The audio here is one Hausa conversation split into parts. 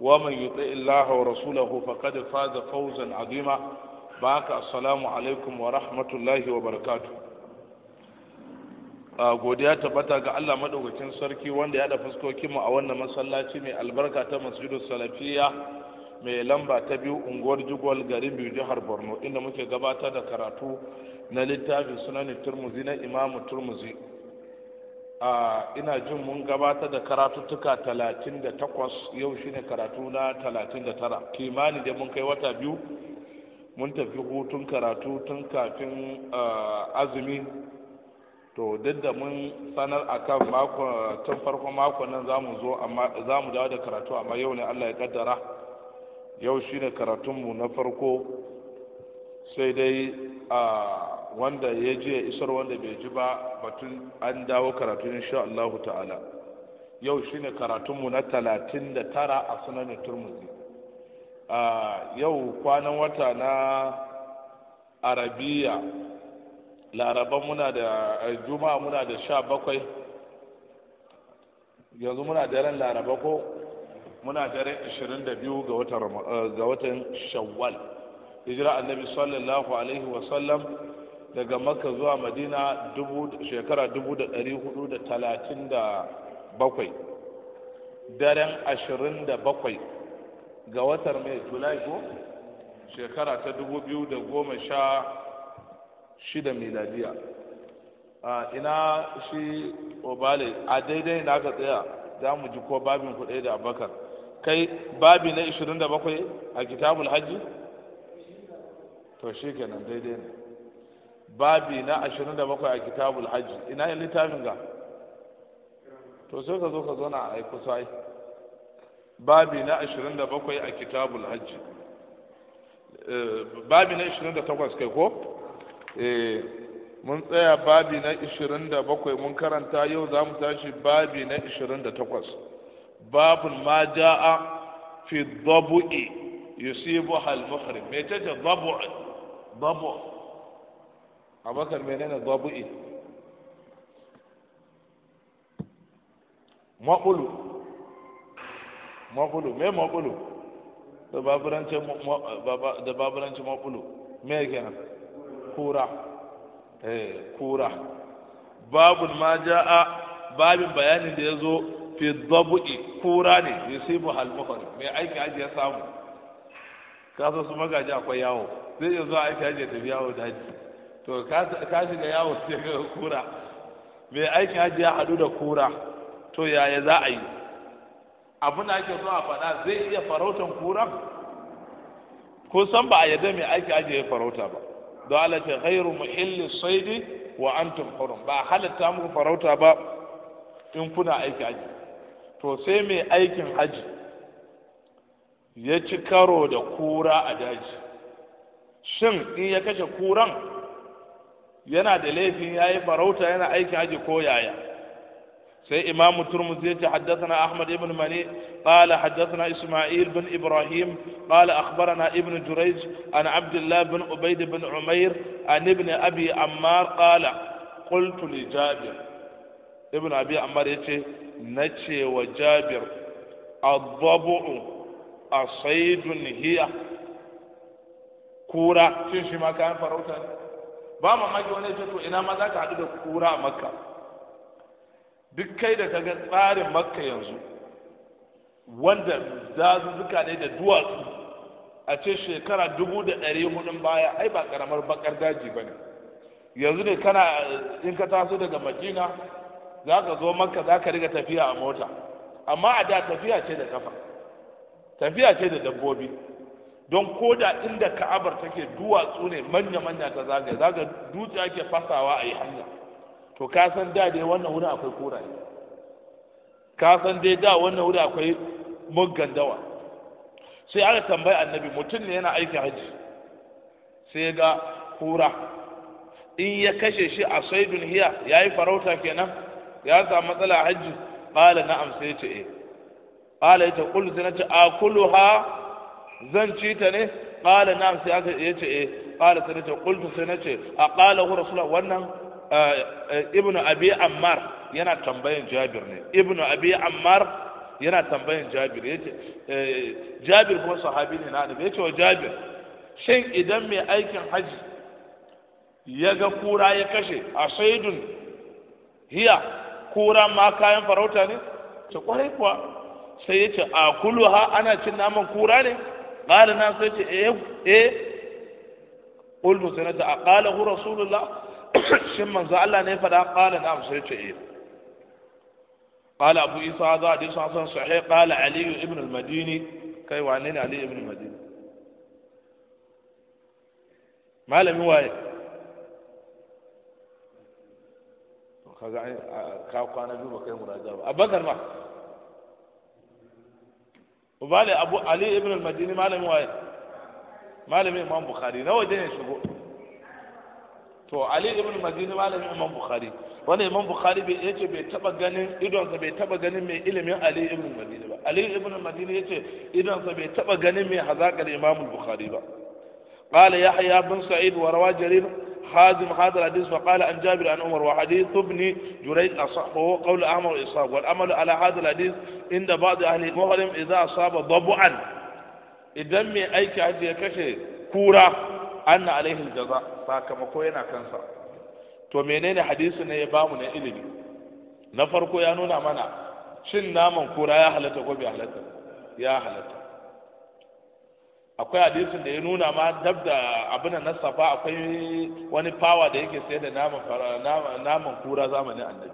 ومن يطع الله ورسوله فقد فاز فوزا عظيما باك السلام عليكم ورحمة الله وبركاته godiya tabbata ga Allah madaukakin sarki wanda ya da fuskokin mu a wannan masallaci mai albarka ta masjidu salafiya mai lamba ta biyu unguwar jigwal garin biyu jihar Borno inda muke gabatar da karatu na littafin sunan Turmuzi na Imam Turmuzi a ina jin mun gabatar da karatuttuka talatin da takwas yau shine karatu na talatin da tara kimanin da mun kai wata biyu mun tafi hutun karatu tun kafin azumi to duk da mun sanar a kan tun farkon makon nan za mu zo za mu dawo da karatu amma yau ne allah ya kaddara yau shine karatunmu na farko sai dai a wanda ya ji ya isar wanda bai ji ba batun an dawo karatu insha Allah ta'ala yau shine karatunmu na talatin da tara a sunan turmuzi yau kwanan wata na arabiya laraba muna da eh, juma'a muna da sha bakwai yanzu muna daren laraba ko muna daren 22 da biyu eh, ga watan shawwal hijira annabi sallallahu alaihi wasallam daga makka zuwa madina shekara 437 daren 27 ga watar mai julai ko shekara ta 2016 miladiya ina shi obale a daidai na ka tsaya za mu ji ko babin kuɗe da abakar kai babi na 27 a kitabul hajji to shi kenan daidai ne babi na ashirin da bakwai a kitabul hajji ina yin littafin ga to sai ka zo ka zo a kusa ai babi na ashirin da bakwai a kitabul hajji eh, babi na ashirin da takwas kai ko eh, mun tsaya babi na ashirin da bakwai mun karanta yau za mu tashi babi na ashirin da takwas babun ma ja'a fi dabu'i yusibu hal muhrim me ce dabu' abakar menene zabu'i maƙulu maƙulu me maƙulu da baburanci maƙulu me kenan kura eh, kura babun ma ja'a babin bayanin da ya zo fi dabu'i kura ne yusibu halmufar mai aiki aji ya samu kasa su magaji akwai yawo zai iya zuwa aiki aji ya tafi yawo daji to ka shiga yawo sai kura mai aikin hajji ya haɗu da kura to yaya za a yi abin da ake so a faɗa zai iya farautan kura ko san ba a yadda mai aiki aji ya farauta ba don Allah ce ghairu illi saidi wa antum hurum ba halatta muku farauta ba in kuna aiki aji to sai mai aikin haji ya ci karo da kura a daji shin in ya kashe kuran yana da laifin yayi farauta yana aikin haji ko yaya sai imamu turmuzi yace haddathana ahmad ibn mani qala haddathana isma'il bin ibrahim qala akhbarana ibn jurayj an abdullah bin ubayd bin umair an ibn abi ammar qala qultu li jabir ibn abi ammar yace nace wa jabir adhabu asaidun hiya kura shin shi ma kayan farauta ne ba maki wani ce to ina ma za ka haɗu da kura a makka duk kai da ka ga tsarin makka yanzu wanda zuka ne da duwatsu a ce shekara dubu da ɗari hudun baya ai ba ƙaramar bakar daji ba ne yanzu ne kana in ka taso daga madina za ka zo makka za ka riga tafiya a mota amma a da tafiya ce da kafa tafiya ce da dabbobi don koda inda ka'abar take duwatsu ne manya-manya ta zaga zaga dutse ake fasawa a yi hanya to ka san da dai wannan wuri akwai koraye ka san dai da wannan wuri akwai muggan dawa sai aka tambayi annabi mutum ne yana aiki haji sai ga kura in ya kashe shi a saidun hiya ya yi farauta kenan ya samu matsala haji ƙala na'am sai ce eh ƙala ita kullu sai na ce ha? zan ci ta ne qala na sai aka yace eh qala sai nace qultu sai nace a qala hu rasulullah wannan eh, eh, ibnu abi ammar yana tambayan jabir ne ibnu abi ammar yana tambayan jabir yace eh, jabir kuma sahabi ne na ya yace wa jabir shin idan mai aikin haji ya ga kura ya kashe a saidun hiya kura ma kayan farauta ne ta kwarai kuwa sai yace a kuluha ana cin naman kura ne qala na sai ce eh eh qultu sai ta qalahu rasulullah Allah ne fada qala na قال أبو إيسى هذا حديث حسن صحيح قال علي ابن المديني كي وعنين علي ابن المديني ما لم يواي kaga kwana biyu ba kai muraja ba ubali abu ali ibn al-madini malamin waye malamin imam bukhari na waje ne shigo to ali ibn al-madini malamin imam bukhari wanda imam bukhari bai yace bai taba ganin idonsa bai taba ganin mai ilimin ali ibn al-madini ba ali ibn al-madini yace idonsa bai taba ganin mai hazakar imam bukhari ba قال يحيى بن سعيد وروى جرير خادم هذا الحديث فقال عن جابر عن عمر وحديث ابن جريج أصح وهو قول أمر اصاب والأمل على هذا الحديث عند بعض أهل المغرب إذا أصاب ضبعا اذن من أي كهد يكشي كورة أن عليه الجزاء فكما كوينا حديث تومينين حديثنا يبامنا إلي نفرق يانونا منع شن نامن كورة يا حلتك قل يا يا حلتك akwai hadisin da ya nuna ma dab da abin na safa akwai wani fawa da yake sayar da naman kura zamanin annabi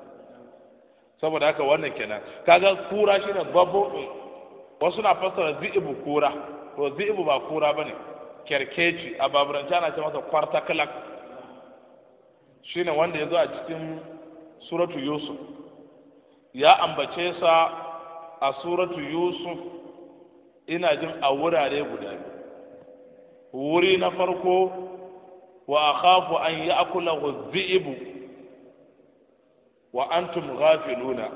saboda haka wannan kenan kaga kura shine babbo wasu na fassara zi'ibu kura to zi'ibu ba kura bane kerkeci a baburance ana ce masa kwartaklak shine wanda ya zo a cikin suratu yusuf ya ambace sa a suratu yusuf ina jin a wurare guda biyu wuri na farko wa akhafu an ya'kulahu dhi'bu wa antum ghafiluna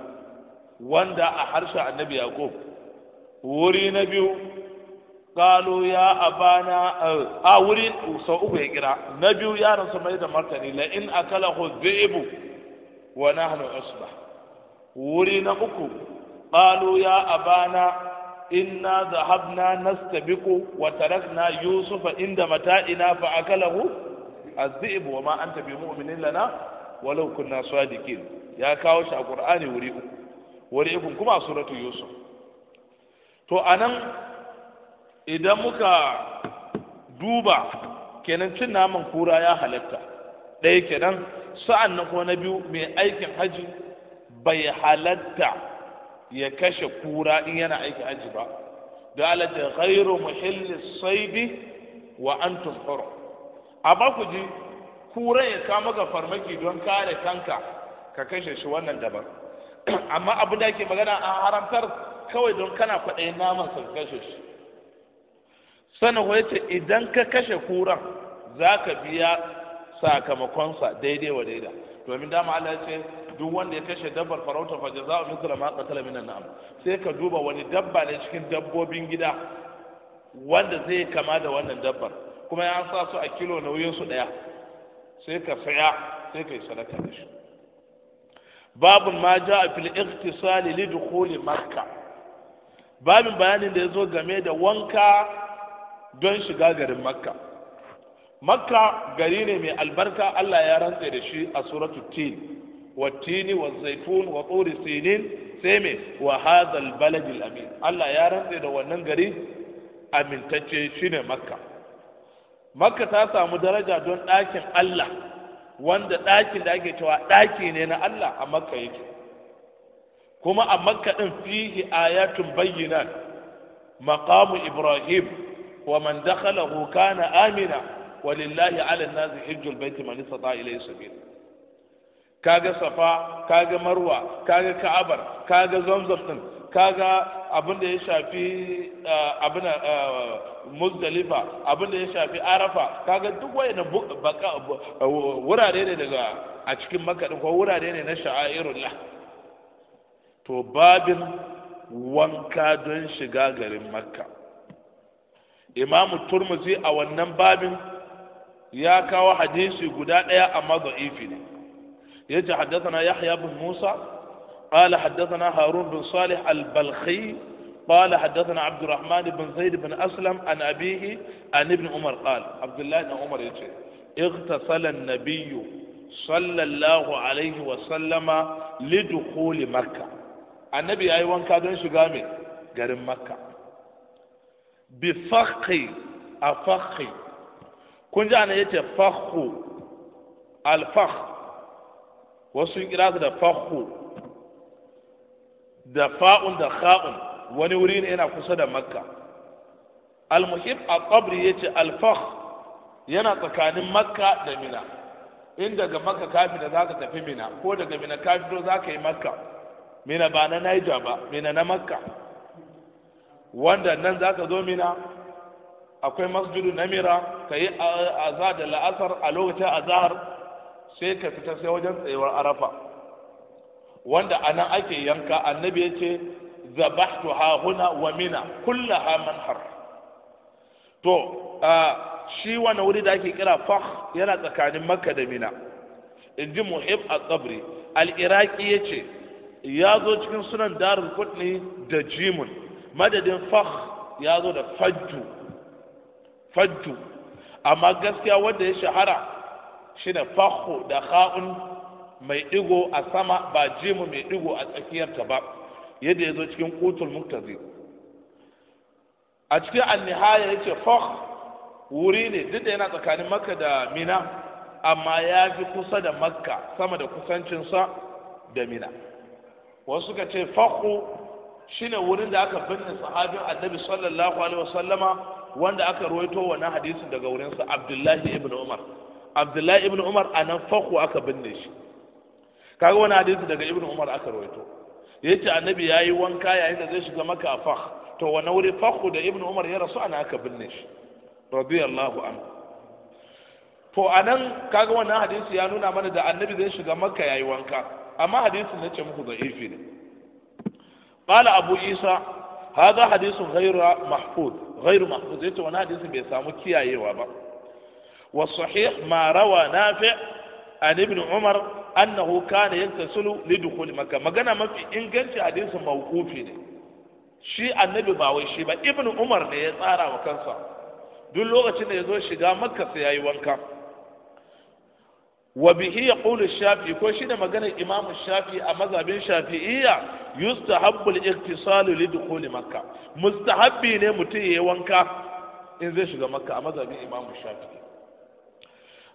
wanda a harshen annabi yaqub wuri na biyu qalu ya abana a wuri sau uku ya kira na biyu yaran su mai da martani la in akalahu dhi'bu wa nahnu usbah wuri na uku qalu ya abana inna dhahabna nastabiqu wa na yusufa inda mata'ina fa akalahu az-zi'b wa ma anta bi mu'minin lana walau kunna sadiqin ya kawo shi a qur'ani wuri uku wuri uku kuma a suratu yusuf to anan idan muka duba kenan cin naman kura ya halatta ɗaya kenan sa'an nan kuma na biyu mai aikin hajji bai halatta ya kashe kura in yana aiki aji ba da alata ghairu muhillis saibi wa antum a ba ku ji kura ya kama ga farmaki don kare kanka ka kashe shi wannan dabar amma abin da ake magana an haramtar kawai don kana kwaɗayin naman ka kashe shi sannan kuwa ce idan ka kashe kurar za ka biya sakamakonsa daidai wa daidai domin dama Allah ya ce duk wanda ya kashe dabbar farauta fa jaza'u mithla ma qatala min an'am sai ka duba wani dabba ne cikin dabbobin gida wanda zai kama da wannan dabbar kuma ya sa su a kilo nauyin su daya sai ka saya sai ka yi sadaka da shi babu ma ja'a fil iqtisali li dukhuli makka babin bayanin da yazo game da wanka don shiga garin makka makka gari ne mai albarka Allah ya rantse da shi a suratul tin والتين والزيتون وطور سينين سيمي وهذا البلد الأمين الله يا رب ده wannan gari amintacce shine makka makka ta samu daraja don ɗakin Allah wanda ɗakin da ake cewa ɗaki ne na Allah a makka yake kuma a makka din fihi ayatun bayyinat maqamu ibrahim wa man dakhalahu kana amina walillahi ala an-nas hajjul bayti man istata ilayhi sabila kaga safa kaga marwa kaga ka'abar kaga zamzam din kaga abin da ya shafi eh, abin eh, muzdalifa abin da ya shafi arafa kaga duk wayan wurare ne daga a cikin makaɗin ko wurare ne na sha'airullah to babin wanka don shiga garin makka imamu turmuzi a wannan babin ya kawo hadisi guda ɗaya amma da'ifi ne يجي حدثنا يحيى بن موسى قال حدثنا هارون بن صالح البلخي قال حدثنا عبد الرحمن بن زيد بن أسلم عن أبيه عن ابن عمر قال عبد الله بن عمر يجي اغتسل النبي صلى الله عليه وسلم لدخول مكة النبي أي وانكا دون شغامي garin قال مكه fakhi a كنت انا يجي فخ الفخ wasu sun kira da fahu da fa'un da kha'un wani wuri ne yana kusa da makka Al al-muhib a qabri yace alfah yana tsakanin makka da mina in daga makka kafi da zaka tafi mina ko daga mina kafi to zaka yi makka mina ba na naija ba mina na makka wanda nan zaka zo mina akwai masjidu namira ka yi azhar da la'asar a lokacin azhar sai ka fita sai wajen tsayuwar arafa wanda a nan ake yanka annabi ya ce zabahtu ha huna wa mina ha man har. to shi wani wuri da ake kira fah yana tsakanin makka da mina in ji muhib a tsabri al ya ce ya zo cikin sunan darul kudni da jimun madadin fah ya zo da fajju fajju amma gaskiya wanda ya shahara shine fakhu da kha'un mai ɗigo a sama ba jimu mai ɗigo a tsakiyarta ba yadda ya zo cikin kutul muktazi a cikin annihaya yace fakh wuri ne duk da yana tsakanin makka da mina amma ya fi kusa da makka sama da kusancinsa da mina wasu suka ce fakhu shine wurin da aka binne sahabin annabi sallallahu alaihi wasallama wanda aka ruwaito wannan hadisin daga wurinsa abdullahi ibn umar abdullahi ibn umar a nan fako aka binne shi kaga wani hadisi daga ibn umar aka rawaito yace annabi yayi wanka yayin da zai shiga maka a fakh to wani wuri fakhu da ibn umar ya rasu ana aka binne shi radiyallahu anhu to a nan kaga wannan hadisi ya nuna mana da annabi zai shiga makka yayi wanka amma hadisin ce muku da ifi ne qala abu isa hadha hadithun ghayra mahfuz ghayru mahfuz yace wannan hadisin bai samu kiyayewa ba والصحيح ما روى نافع عن ابن عمر أنه كان يغتسل لدخول مكة ما قلنا ما في إنجاز حديث موقوف shi annabi ba wai shi ba ibnu umar ne ya tsara wa kansa duk lokacin da ya zo shiga makka ya yi wanka wa bihi yaqulu shafi ko shi da maganar imamu shafi a mazhabin shafi'iyya yustahabbu al-iktisalu li dukhul makka mustahabbi ne mutum yayi wanka in zai shiga makka a mazhabin imamu shafi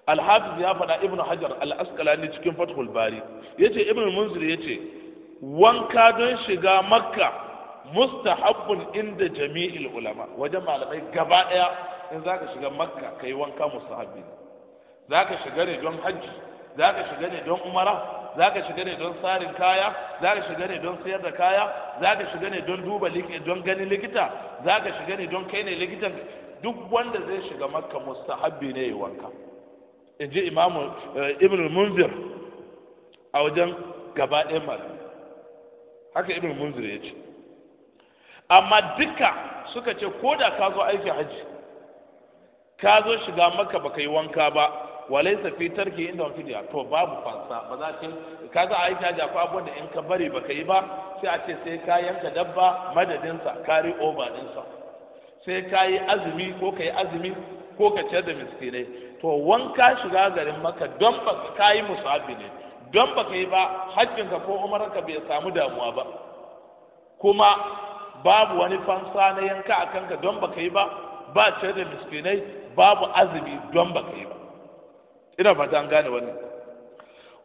alhafiz ya faɗa ibn hajar al-asqalani cikin fathul bari Ya ce ibn munzir ya ce, wanka don shiga makka mustahabbun inda jami'il ulama wajen malamai gaba ɗaya, in za ka shiga makka ka yi wanka mustahabbi ne ka shiga ne don hajji ka shiga ne don umara ka shiga ne don tsarin kaya Za ka shiga ne don sayar da kaya Za ka shiga ne don duba don ganin likita ka shiga ne don kai ne likitan duk wanda zai shiga makka mustahabbi ne ya wanka in ji imamu eh, ibn munzir a wajen gaba ɗaya malamai haka ibn munzir ya ce amma duka suka ce ko da ka zo aiki hajji ka zo shiga maka baka yi wanka ba walai fi tarki inda wani fidiya to babu fansa ba za ka ka za a aiki hajji akwai abubuwan da in ka bari baka yi ba sai a ce sai ka yanka dabba madadinsa kari over dinsa sai ka yi azumi ko ka yi azumi ko ka ciyar da miskinai to wanka shiga garin maka don ba ka yi musabi ne don ba ka yi ba ka ko ka bai samu damuwa ba kuma babu wani fansa na yanka a kanka don ba ka yi ba ba ce da miskinai babu azumi don ba ka yi ba ina fata an gane wani.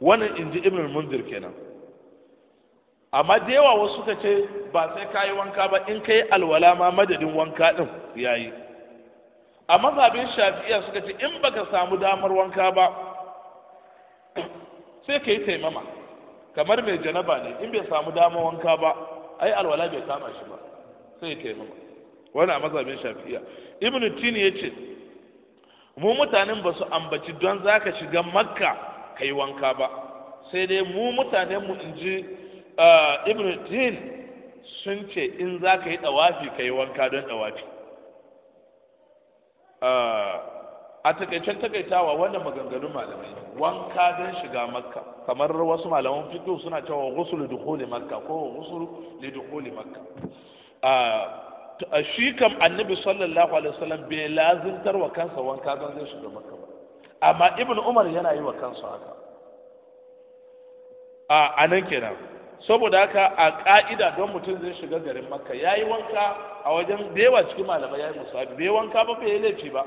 wannan in ji ibn mundir kenan amma da yawa wasu ka ce ba sai ka yi wanka ba in ka yi alwala ma madadin wanka din yayi a mazabin shafi'a suka ce in baka samu damar wanka ba sai ka yi taimama kamar mai janaba ne in bai samu damar wanka ba ai alwala bai kama shi ba sai ya taimama wani a mazabin shafi'a ibn tini ya ce mu mutanen ba su ambaci don za ka shiga makka ka yi wanka ba sai dai mu mutanen mu in ji ah, ibn tini sun ce in za ka yi dawafi ka yi wanka don dawafi a takaicen takaitawa wannan maganganun malamai wanka don shiga makka kamar wasu malaman fito suna cewa ghusl dukhuli makka ko ghusl li dukhuli makka a shi kam annabi sallallahu alaihi wasallam bai lazimtar wa kansa wanka don zai shiga makka ba amma ibnu umar yana yi wa kansa haka a anan kenan saboda haka a ka'ida don mutum zai shiga garin makka yayi wanka a wajen da yawa cikin malamai ya yi musabi bai wanka ba bai yi laifi ba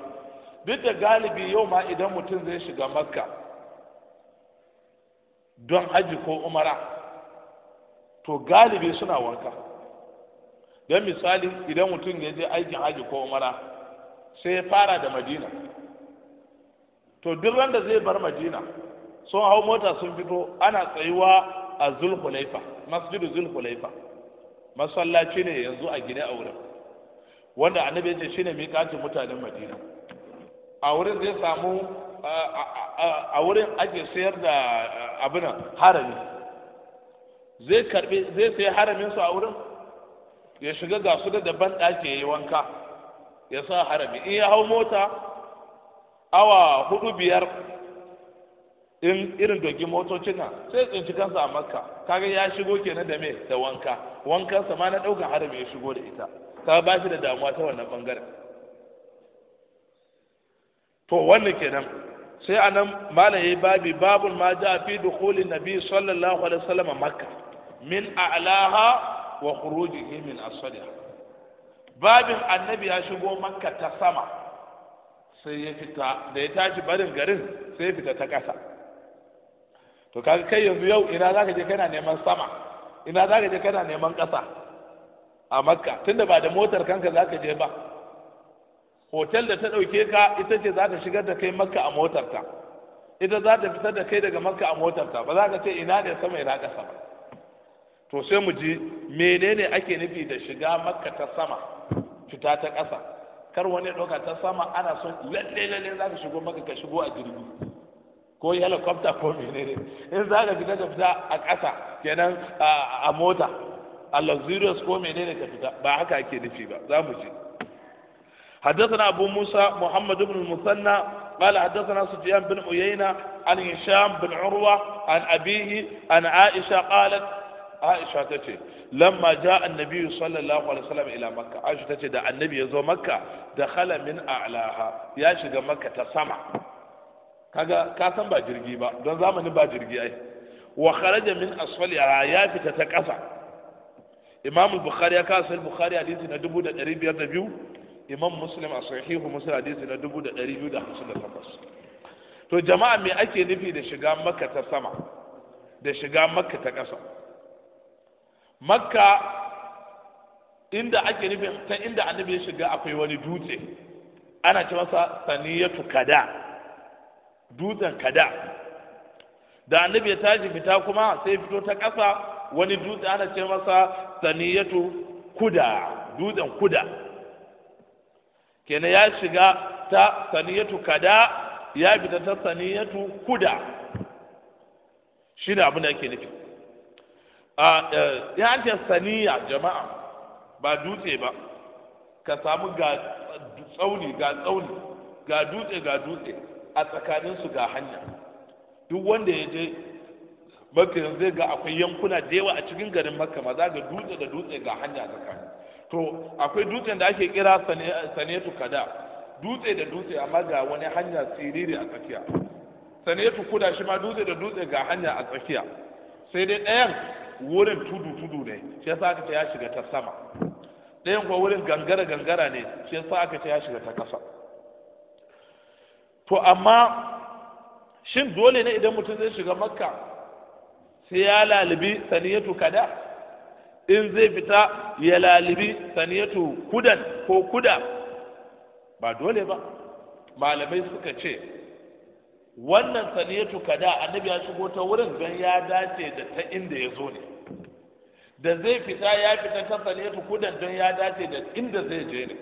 duk da galibi yau ma idan mutum zai shiga makka don haji ko umara to galibi suna wanka don misali idan mutum ya je aikin haji ko umara sai ya fara da madina to duk randa zai bar madina sun hau mota sun fito ana tsayuwa a zulhulaifa masjidu zulhulaifa masallaci ne yanzu a gine a wurin wanda annabi ya ce shine miƙatin mutanen madina a wurin zai samu a wurin ake sayar da abinan harami zai karbi zai sai haramin su a wurin ya shiga ga su da daban ɗaki yi wanka ya sa harami in ya hau mota awa hudu biyar in irin dogi motocin nan sai tsinci kansa a makka kaga ya shigo kenan da me da wanka wankansa ma na ɗaukar harami ya shigo da ita ka ba shi da damuwa ta wannan bangaren to wannan kenan sai anan malam yayi babi babun ma ja fi dukhulin nabi sallallahu alaihi wasallam makka min a'laha wa khurujihi min asfaliha babin annabi ya shigo makka ta sama sai ya fita da ya tashi barin garin sai ya fita ta ƙasa to kaga kai yanzu yau ina zaka je kana neman sama ina zaka je kana neman ƙasa a makka tunda ba da motar kanka za ka je ba hotel da ta ɗauke ka ita ce za ta shigar da kai makka a motarta ita za ta fitar da kai daga makka a motarta ba za ka ce ina ne sama ina ƙasa ba to sai mu ji menene ake nufi da shiga makka ta sama fita ta ƙasa kar wani ɗauka ta sama ana son lalle lalle za ka shigo makka ka shigo a jirgi ko helicopter ko menene in za ka fita ka fita a ƙasa kenan a mota a luxurious ko menene ka fita ba haka ake nufi ba za mu ji حدثنا أبو موسى محمد بن المثنى قال حدثنا سفيان بن عيينة عن هشام بن عروة عن أبيه عن عائشة قالت عائشة تتي لما جاء النبي صلى الله عليه وسلم إلى مكة عائشة تتي ده النبي يزو مكة دخل من أعلاها يا شيخ مكة تسمع kaga ka san ba jirgi ba don zamanin ba jirgi ai wa kharaja min asfaliha ya fita ta kasa imam bukhari ya kawo sahih bukhari hadisi na dubu da da biyar biyu. imam muslim a sahihu muslim hadisi na dubu da da da biyu hamsin takwas. to jama'a me ake nufi da shiga makka ta sama da shiga makka ta ƙasa makka inda ake nufi ta inda annabi ya shiga akwai wani dutse ana ce masa saniyatu kada dutsen kada da annabi ya tashi fita kuma sai fito ta ƙasa wani dutse ana ce masa saniyatu kuda dutsen kuda kenan ya shiga ta saniyatu kada ya fita ta saniyatu kuda shi ne abin da ake nufi ya eh, ce saniya jama'a ba dutse ba ka samu ga tsauni ga tsauni ga dutse ga dutse a tsakaninsu ga hanya duk wanda ya je maka yanzu ga akwai yankuna da yawa a cikin garin makka ma za ga dutse da dutse ga hanya tsakani to akwai dutsen da ake kira sanetu kada dutse da dutse amma ga wani hanya siriri a tsakiya sanetu kuda shi ma dutse da dutse ga hanya a tsakiya sai dai ɗayan wurin tudu tudu ne shi yasa aka ce ya shiga ta sama ɗayan kuwa wurin gangara gangara ne shi yasa aka ce ya shiga ta ƙasa to amma shin dole ne idan mutum zai shiga makka sai ya lalibi saniyatu kada in zai fita ya lalibi saniyatu kudan ko kuda ba dole ba malamai suka ce wannan saniyatu kada annabi ya shigo ta wurin don ya dace da ta inda ya zo ne da zai fita ya fita ta saniyatu kudan don ya dace da inda zai je ne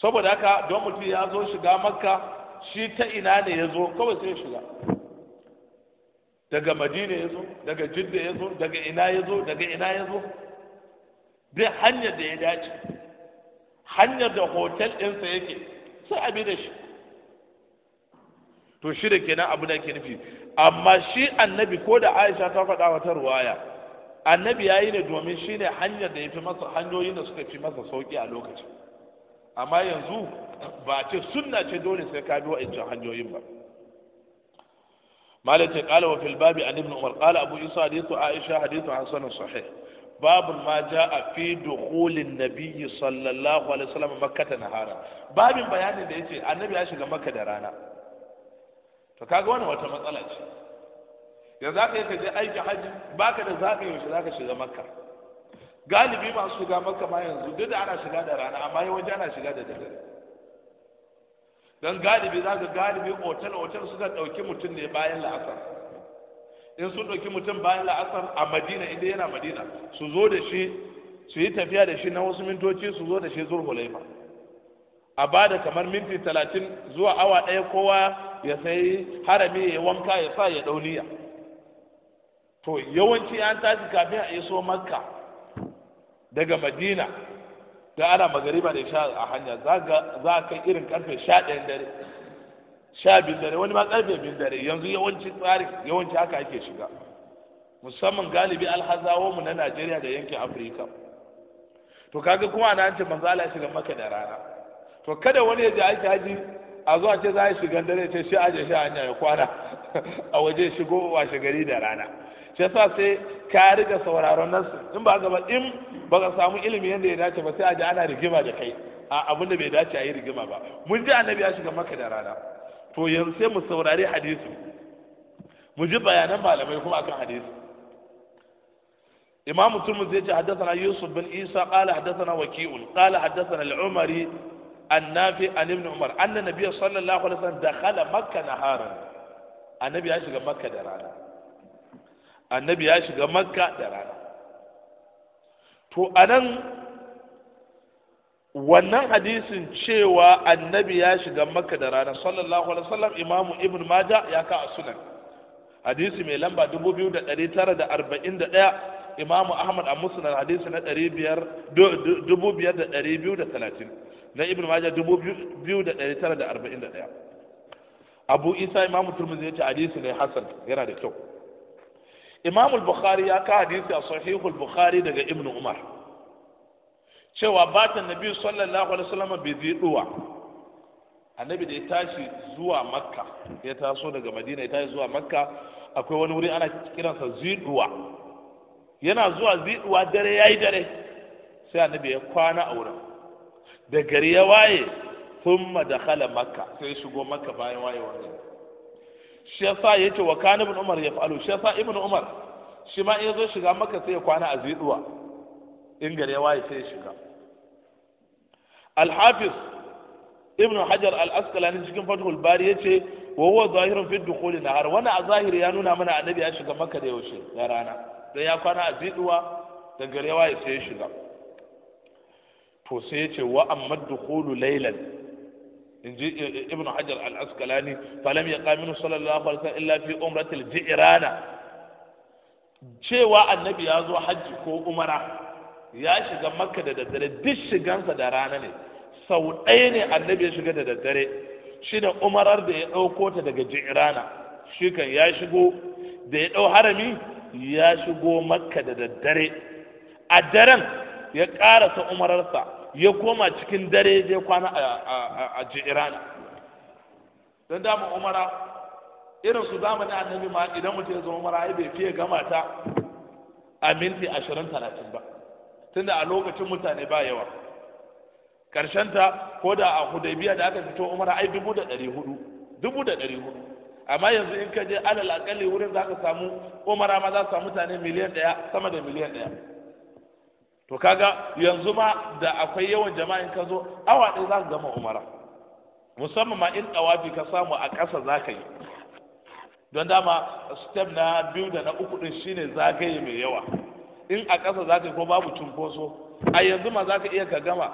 saboda haka don mutum ya zo shiga makka shi ta ina ne ya zo kawai sai shiga daga madina ya zo daga jidda ya zo daga ina ya zo daga ina ya zo duk hanyar da ya dace hanyar da hotel ɗinsa yake sai bi da shi to shi da kenan abu da ke nufi amma shi annabi ko da aisha ta faɗa wata ruwaya annabi ya yi ne domin shi ne hanyar da ya fi masa hanyoyin da suka fi masa sauƙi a lokacin amma yanzu ba a ce sunna ce dole sai ka bi wa'ancan hanyoyin ba مالك قال وفي الباب عن ابن عمر قال أبو يوسف حديث عائشة حديث حسن صحيح باب ما جاء في دخول النبي صلى الله عليه وسلم مكة نهارا باب بيان da yace annabi ya shiga makka da rana to kaga wannan wata matsala ce yanzu aka yi ka je aiki haji baka da zaka yaushe zaka shiga makka galibi masu shiga makka ma yanzu duk da ana shiga da rana amma ana shiga da dare don galibi za ka galibi otal otal suka ɗauki mutum ne bayan la'asar in sun ɗauki mutum bayan la'asar a madina inda yana madina su zo da shi su yi tafiya da shi na wasu mintoci su zo da shi zuwa hulaifa a bada kamar minti talatin zuwa awa ɗaya kowa ya sayi harami ya wanka ya sa ya ɗauniya to yawanci an tashi kafin a iso makka daga madina da ana magariba da sha a hanya za a kai irin karfe sha ɗayan dare sha biyu dare wani ma karfe biyu dare yanzu yawanci tsari yawanci haka ake shiga musamman galibi alhazawo mu na najeriya da yankin afirka to kaga kuma ana ce manzo Allah ya shiga maka da rana to kada wani ya je aiki haji a zuwa ce za a shiga dare ce shi aje shi hanya ya kwana a waje shigo washe gari da rana Sai sa sai ka riga sauraron nasu in ba gaba in ba ka samu ilimi yadda ya dace ba sai a ji ana rigima da kai a abin da bai dace a yi rigima ba mun ji annabi ya shiga maka da rana to yanzu sai mu saurari hadisi mu ji bayanan malamai kuma akan hadisi إمام الترمذي حدثنا يوسف بن عيسى قال حدثنا وكيع قال حدثنا العمري النافع عن ابن عمر أن النبي صلى الله عليه وسلم دخل مكة نهارا النبي عاش da درانا annabi ya shiga makka da rana to anan wannan hadisin cewa annabi ya shiga makka da rana sallallahu alaihi wasallam imamu ibn majah ya ka a sunan hadisi mai lamba 2941 imamu ahmad a musnad hadisi na 2230 na ibn majah 2941 abu isa imamu turmuzi ya ce hadisi ne hasan yana da kyau imam al-bukhari ya ka hadisi a sahihul bukhari daga ibnu umar cewa batan nabi sallallahu alaihi wasallam bi duwa annabi da ya tashi zuwa makka ya taso daga madina ya tashi zuwa makka akwai wani wuri ana kiransa ziduwa yana zuwa ziduwa dare yayi dare sai annabi ya kwana a wurin da gari ya waye thumma dakhala makka sai shigo makka bayan wayewar gari shi ya ce wa kani ibn umar fa'alu shi sa, ibn umar shi ma in zo shiga maka sai ya kwana a ziduwa in gare waye sai ya shiga al-hafiz ibn hajar al-asqalani cikin fathul bari ce, wa huwa zahirun fi dukhuli nahar wani a zahiri ya nuna mana annabi ya shiga maka da yaushe da rana da ya kwana a ziduwa da gare ya waye sai ya shiga to sai ce wa amma dukhulu laylan Inji eh, eh, ibnu hajar al-asqalani falam ya qaminu sallallahu alaihi wasallam illa fi umratil ji'rana cewa annabi ya zo hajji ko umara ya shiga makka da daddare duk shigansa da rana ne sau ɗaya ne annabi ya shiga da daddare shi da umarar da ya ɗauko ta daga ji'rana shi kan ya shigo da ya ɗau harami ya shigo makka da daddare a daren ya ƙarasa umararsa ya koma cikin dare zai kwana a jiran don dama umara irin su zamani annabi ma idan mutum ya zama umara bai fiye gama ta a minti ashirin talatin ba tunda a lokacin mutane ba yawa ta ko da a hudaibiya da aka fito umara ai dubu da ɗari hudu dubu da ɗari hudu amma yanzu in ka je alal akalli wurin za ka samu umara ma za su samu mutane miliyan ɗaya sama da miliyan ɗaya to kaga yanzu ma da akwai yawan jama'a ka zo awa ɗaya za ka gama umara musamman ma in ɗawafi ka samu a ƙasa za ka yi don dama step na biyu da na uku ɗin shine zagaye mai yawa in a ƙasa za ka yi ko babu cunkoso a yanzu ma za ka iya ka gama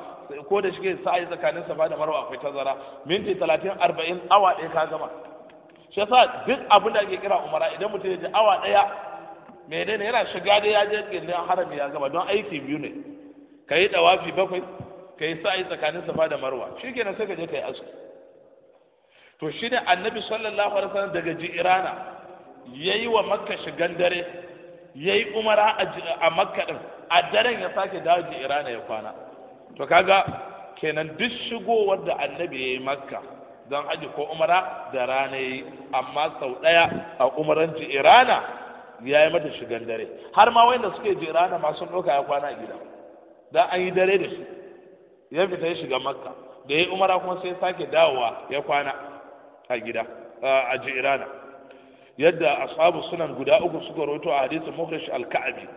ko da shige sa'ayi tsakanin safa da marwa akwai tazara minti talatin arba'in awa ɗaya ka gama shi yasa duk abin da ake kira umara idan mutum ya je awa ɗaya menene yana shiga dai ya je gindin harami ya gaba don aiki biyu ne ka yi dawafi bakwai ka yi sa'ayi tsakanin safa da marwa shi nan sai ka je ka yi aski to shi ne annabi sallallahu alaihi wasallam daga ji'irana ya yi wa makka shigan dare ya yi umara a makka din a daren ya sake dawo ji'irana ya kwana to kaga kenan duk shigowar da annabi ya yi makka don aji ko umara da rana ya yi amma sau ɗaya a umaran ji'irana ya yi mata shigan dare har ma wanda suke jera rana masu ɗauka ya kwana a gida da an yi dare da shi ya fita ya shiga makka da ya umara kuma sai sake dawowa ya kwana a gida a rana. yadda ashabu sunan guda uku suka roto a hadisi mukhrish al-ka'bi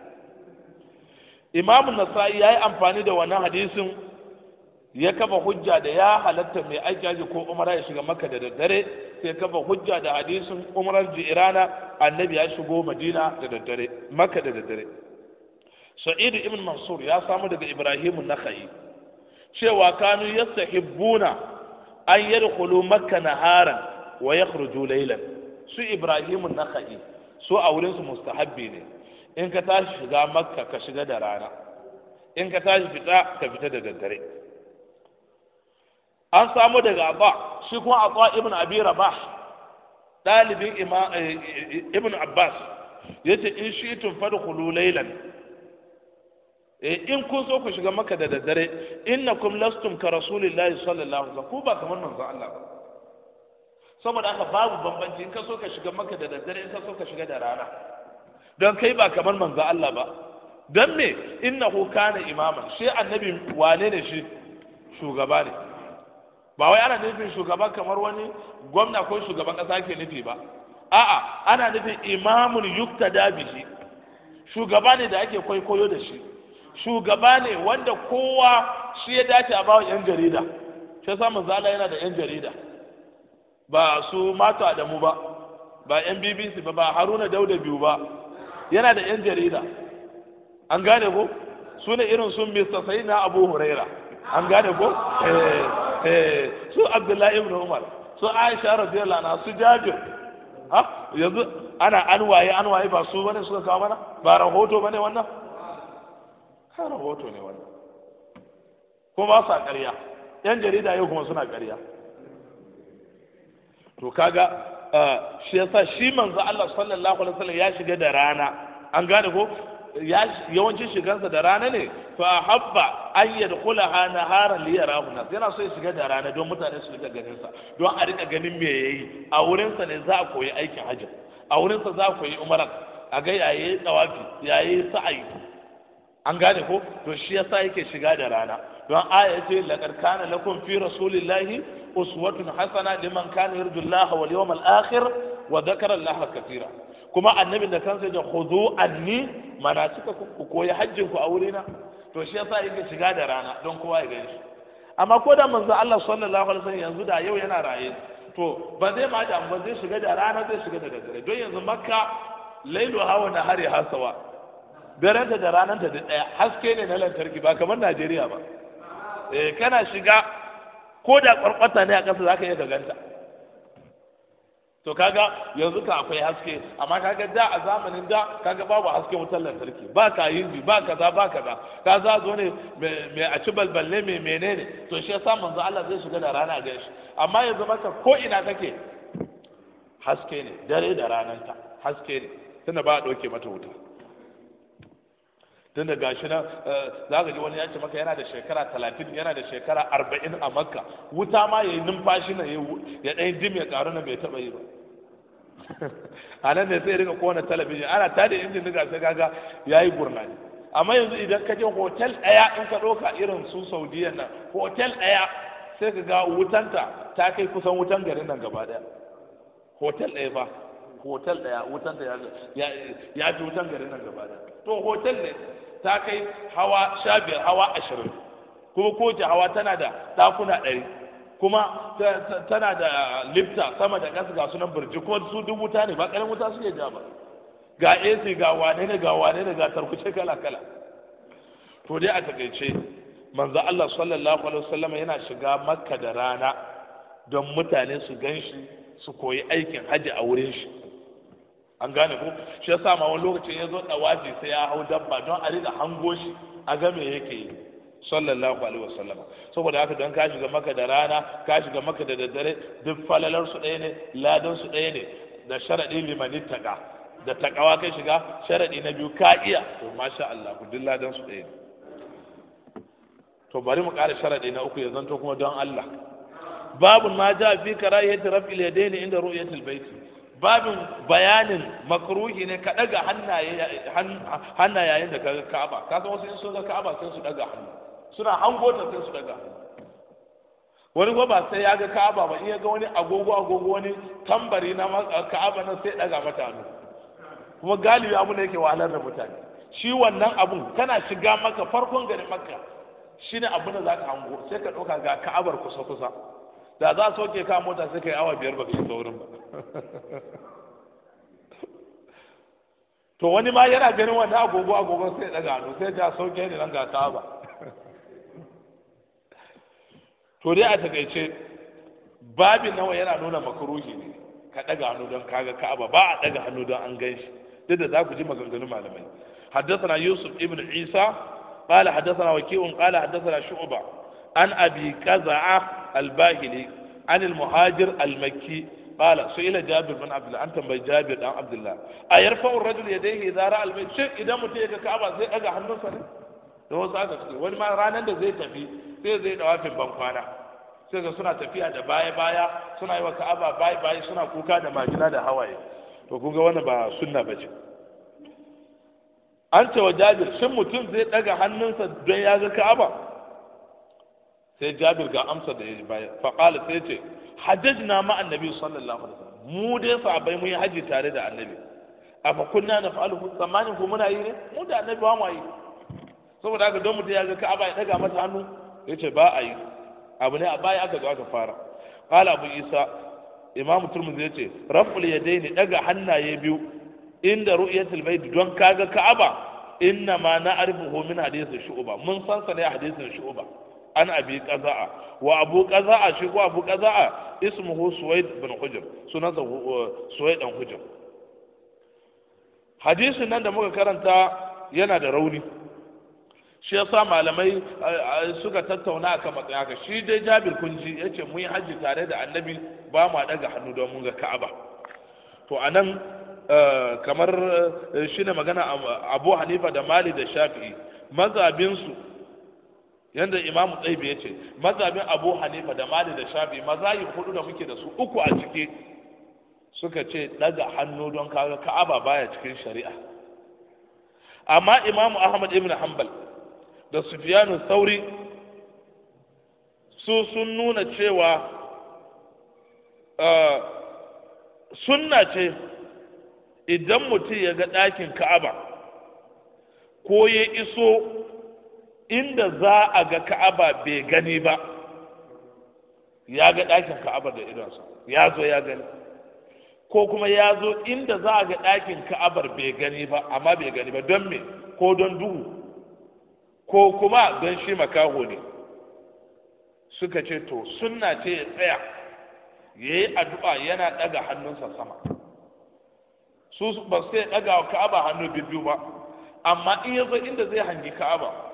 imamu nasa'i ya yi amfani da wannan hadisin ya kafa hujja da ya halatta mai aiki ko umara ya shiga makka da daddare sai kafa hujja da hadisin umrar jirana annabi ya shigo madina da daddare makka da daddare sa'id ibn mansur ya samu daga ibrahim nakhai cewa kanu yastahibbuna an yadkhulu makka naharan wa yakhruju laylan su ibrahim nakhai su a wurin su mustahabbi ne in ka tashi shiga makka ka shiga da rana in ka tashi fita ka fita da daddare an samu daga ba shi kuma atwa ibn abi rabah dalibin eh, eh, ibn abbas yace in shi tun fadkhulu laylan eh, in kun so ku shiga maka da daddare innakum lastum ka rasulillahi sallallahu alaihi wasallam ku ba kamar manzo Allah ba saboda haka babu bambanci in ka so ka shiga maka da daddare in ka so ka shiga da rana don kai ba kamar manzo Allah ba don me innahu kana imaman shi annabi wane ne shi shugaba ne ba wai ana nufin shugaban kamar wani gwamna ko shugaban kasa ke nufi ba a'a ana nufin imamun Yukta bihi shugaba ne da ake kwaikwayo da shi shugaba ne wanda kowa shi ya dace a bawa yan jarida shi yasa zala yana da yan jarida ba su Mato Adamu ba ba yan bbc ba ba haruna dauda biyu ba yana da yan jarida an gane ko su ne irin sun mista sai na abu huraira an gane ko eh. Ee, eh, su abdullahi ibn umar su aisha radiyallahu anha su jabir ha yanzu ana anwaye anwaye ba su bane suka kawo mana ba rahoto bane wannan ka rahoto ne wannan ko ba sa ƙarya yan jarida yau kuma suna ƙarya to kaga eh, shi yasa shi manzo Allah sallallahu alaihi wasallam ya shiga da rana an gane ko yawancin shigansa da rana ne fa habba an yadkhulaha naharan li yarahu nas yana so ya shiga da rana don mutane su rika ganin sa don a rika ganin me yayi a wurin sa ne za a koyi aikin hajji a wurin sa za a koyi umara a ga yayi tawafi yayi sa'i an gane ko to shi yasa yake shiga da rana don aya ce laqad kana lakum fi rasulillahi uswatun hasana liman kana Yarjullaha wal yawmal akhir wa dhakara Allah katira kuma annabi da kansa ya khudu anni Mana manasika ku koyi hajjin ku a wurina to shi yasa yake shiga da rana don kowa ya gani amma ko da manzo Allah sallallahu alaihi wasallam yanzu da yau yana raye to ba zai ma da ba zai shiga da rana zai shiga da dare don yanzu makka lailu hawa na hari hasawa daranta da rananta da daya haske ne na lantarki ba kamar Najeriya ba eh kana shiga ko da kwarkwata ne a ƙasa zaka iya ganta. to kaga yanzu ka akwai haske amma kaga da a zamanin da kaga babu haske wutar lantarki ba ka yinji ba ka kaza ba ka kaza ka za zo ne mai a ci balballe mai menene to shi yasa manzo Allah zai shiga da rana ga shi amma yanzu maka ko ina kake haske ne dare da rananta haske ne tunda ba a ɗauke mata wuta tunda gashi nan eh, za ka ji wani ya ce maka yana da shekara talatin yana da shekara arba'in a makka wuta ma ya yi numfashi na ya ɗan dim ya ƙaru na bai taɓa yi ba a nan ne sai rika kowane talabijin ana ta da injin daga sai gaga. ya yi ne amma yanzu idan ka je hotel ɗaya in ka ɗauka irin su saudiyan nan hotel ɗaya sai ka ga wutanta ta kai kusan wutan garin nan gaba ɗaya hotel ɗaya ba hotel ɗaya wutanta ya ya ji wutan garin nan gaba ɗaya to hotel ne ta kai hawa sha hawa ashirin kuma kowace hawa tana da dakuna ɗari kuma tana da lifta sama da ƙasa ga sunan birji kuma su duk wuta ne ba ƙarin wuta suke ja ba ga ac ga wane ne ga wane ne ga tarkuce kala kala to dai a takaice manzo Allah sallallahu alaihi wasallam yana shiga makka da rana don mutane su ganshi su koyi aikin haji a wurin shi an gane ko shi yasa ma wani lokacin ya zo dawaji sai ya hau dabba don a riga hango shi a ga me yake yi sallallahu alaihi wasallam saboda haka don ka shiga maka da rana ka shiga maka da daddare duk falalar su ɗaya ne ladan su ɗaya ne da sharadi liman taka da takawa kai shiga sharadi na biyu ka iya to masha Allah ku duk ladan su ɗaya ne to bari mu ƙara sharadi na uku ya zanto kuma don Allah babu ma ja fi karahiyati raf'il yadaini inda ru'yatul baiti babin bayanin makruhi ne ka daga hannaye yayin da kaga Ka'aba ka san wasu sun ga Ka'aba sai su daga hannu suna hango ta sai su daga wani kuma ba sai ya ga Ka'aba ba in ya ga wani agogo agogo wani tambari na Ka'aba nan sai daga mata kuma galibi abu ne yake wahalar da mutane shi wannan abun kana shiga maka farkon gari maka. shi ne abun da ka hango sai ka dauka ga Ka'abar kusa kusa da za a soke ka mota sai ka yi awa biyar ka shiga wurin ba to wani ma yana ganin wani agogo agogon sai daga hannu sai ja sauke ne nan ga ba to dai a takaice babin nawa yana nuna makaruhi ne ka daga hannu don kaga ka'aba ba a daga hannu don an gan shi duk da za ku ji maganganun malamai حدثنا يوسف ابن عيسى قال حدثنا وكيع قال حدثنا شعبة عن أبي كزعة الباهلي عن المهاجر المكي قال سئل jabir بن عبد an tambayi jabir dan بن a الله ايرفع الرجل يديه اذا راى البيت شيء idan mutum ya ga ka'aba zai daga hannunsa ne da wasu aka ce wani ma ranar da zai tafi sai zai dawafin ban kwana sai ga suna tafiya da baya baya suna yi wa ka'aba baya baya suna kuka da majina da hawaye to kun ga wannan ba sunna bace an ce wa jabir shin mutum zai daga hannunsa don ya ga ka'aba sai jabir ga amsa da ya bayar faƙala sai ce hajjajna ma annabi sallallahu alaihi wasallam mu dai sahabbai mun yi haji tare da annabi afa kunna naf'aluhu tsammanin ku muna yi ne mu da annabi ba mu yi saboda haka don mutum ya ga ka'aba ya daga mata hannu yace ba a yi abu ne a baya aka zo aka fara qala abu isa imam turmuzi yace raf'ul yadaini daga hannaye biyu inda ru'yatul bait don kaga ka'aba inna ma na'rifuhu min hadith shu'ba mun san sa ne a hadithin shu'ba an abi qaza'a wa abu qaza'a shi ko abu qaza'a ismuhu suwaid bin hujr sunansa uh, suwaid dan hujr hadisin nan da muka karanta yana da rauni shi yasa malamai suka tattauna aka matsayin haka shi dai jabir kunji yace mun yi hajji tare da annabi ba ma daga hannu don mun ga ka'aba to anan uh, kamar uh, shi ne magana um, abu hanifa da mali da shafi'i mazabinsu yanda imam tsaibi ya ce mazabin abu hanifa da mali da shafi mazayi hudu da muke da su uku a ciki suka ce daga hannu don kawo ka'aba baya cikin shari'a amma imam ahmad ibn hanbal da sufyanu sauri su sun nuna cewa uh, sunna ce idan mutum ya ga ɗakin ka'aba ko ya iso inda za a ga ka'aba bai gani ba ya ga ɗakin ka'aba da idonsa ya zo ya gani ko kuma ya zo inda za a ga ɗakin ka'abar bai gani ba amma bai gani ba don me ko don duhu ko kuma don shi makaho ne suka ce to sunna ce ya tsaya ya yi addu'a yana ɗaga hannunsa sama su ba sai ɗaga wa ka'aba hannu biyu ba amma in ya zo inda zai hangi ka'aba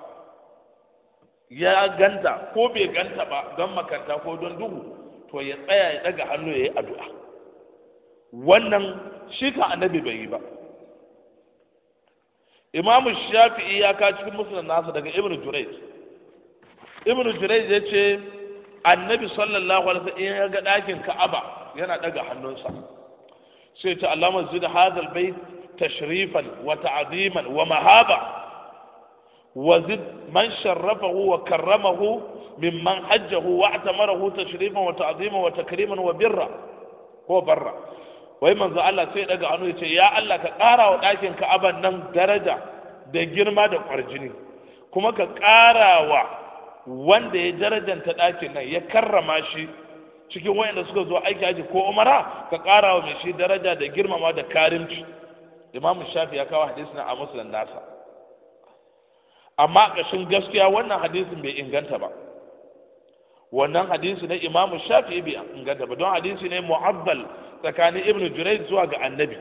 ya ganta ko bai ganta ba don makanta ko don duhu to ya tsaya ya daga hannu ya yi addu'a wannan shi ka annabi bai yi ba imamu shafi'i ya ka cikin musulun nasa daga ibnu jurayj ibnu jurayj ya ce annabi sallallahu alaihi wasallam in ya ga dakin ka'aba yana daga hannunsa sai ta allama zid hadal bait tashrifan wa ta'ziman wa mahaba وزد من شرفه وكرمه ممن حجه واعتمره تشريفا وتعظيما وتكريما وبرا هو برا wai manzo Allah sai daga hannu ya ce ya Allah ka ƙara wa ɗakin Ka'aban nan daraja da girma da ƙwarjini kuma ka karawa wanda ya darajanta dakin nan ya karrama shi cikin wayanda suka zo aiki aji ko umara ka karawa wa mai shi daraja da girmama da karimci Imam Shafi ya kawo hadisin a Muslim nasa amma ƙashin gaskiya wannan hadisin bai inganta ba wannan hadisi na imamu shafi'i bai inganta ba don hadisi ne mu'abbal tsakanin ibnu jurai zuwa ga annabi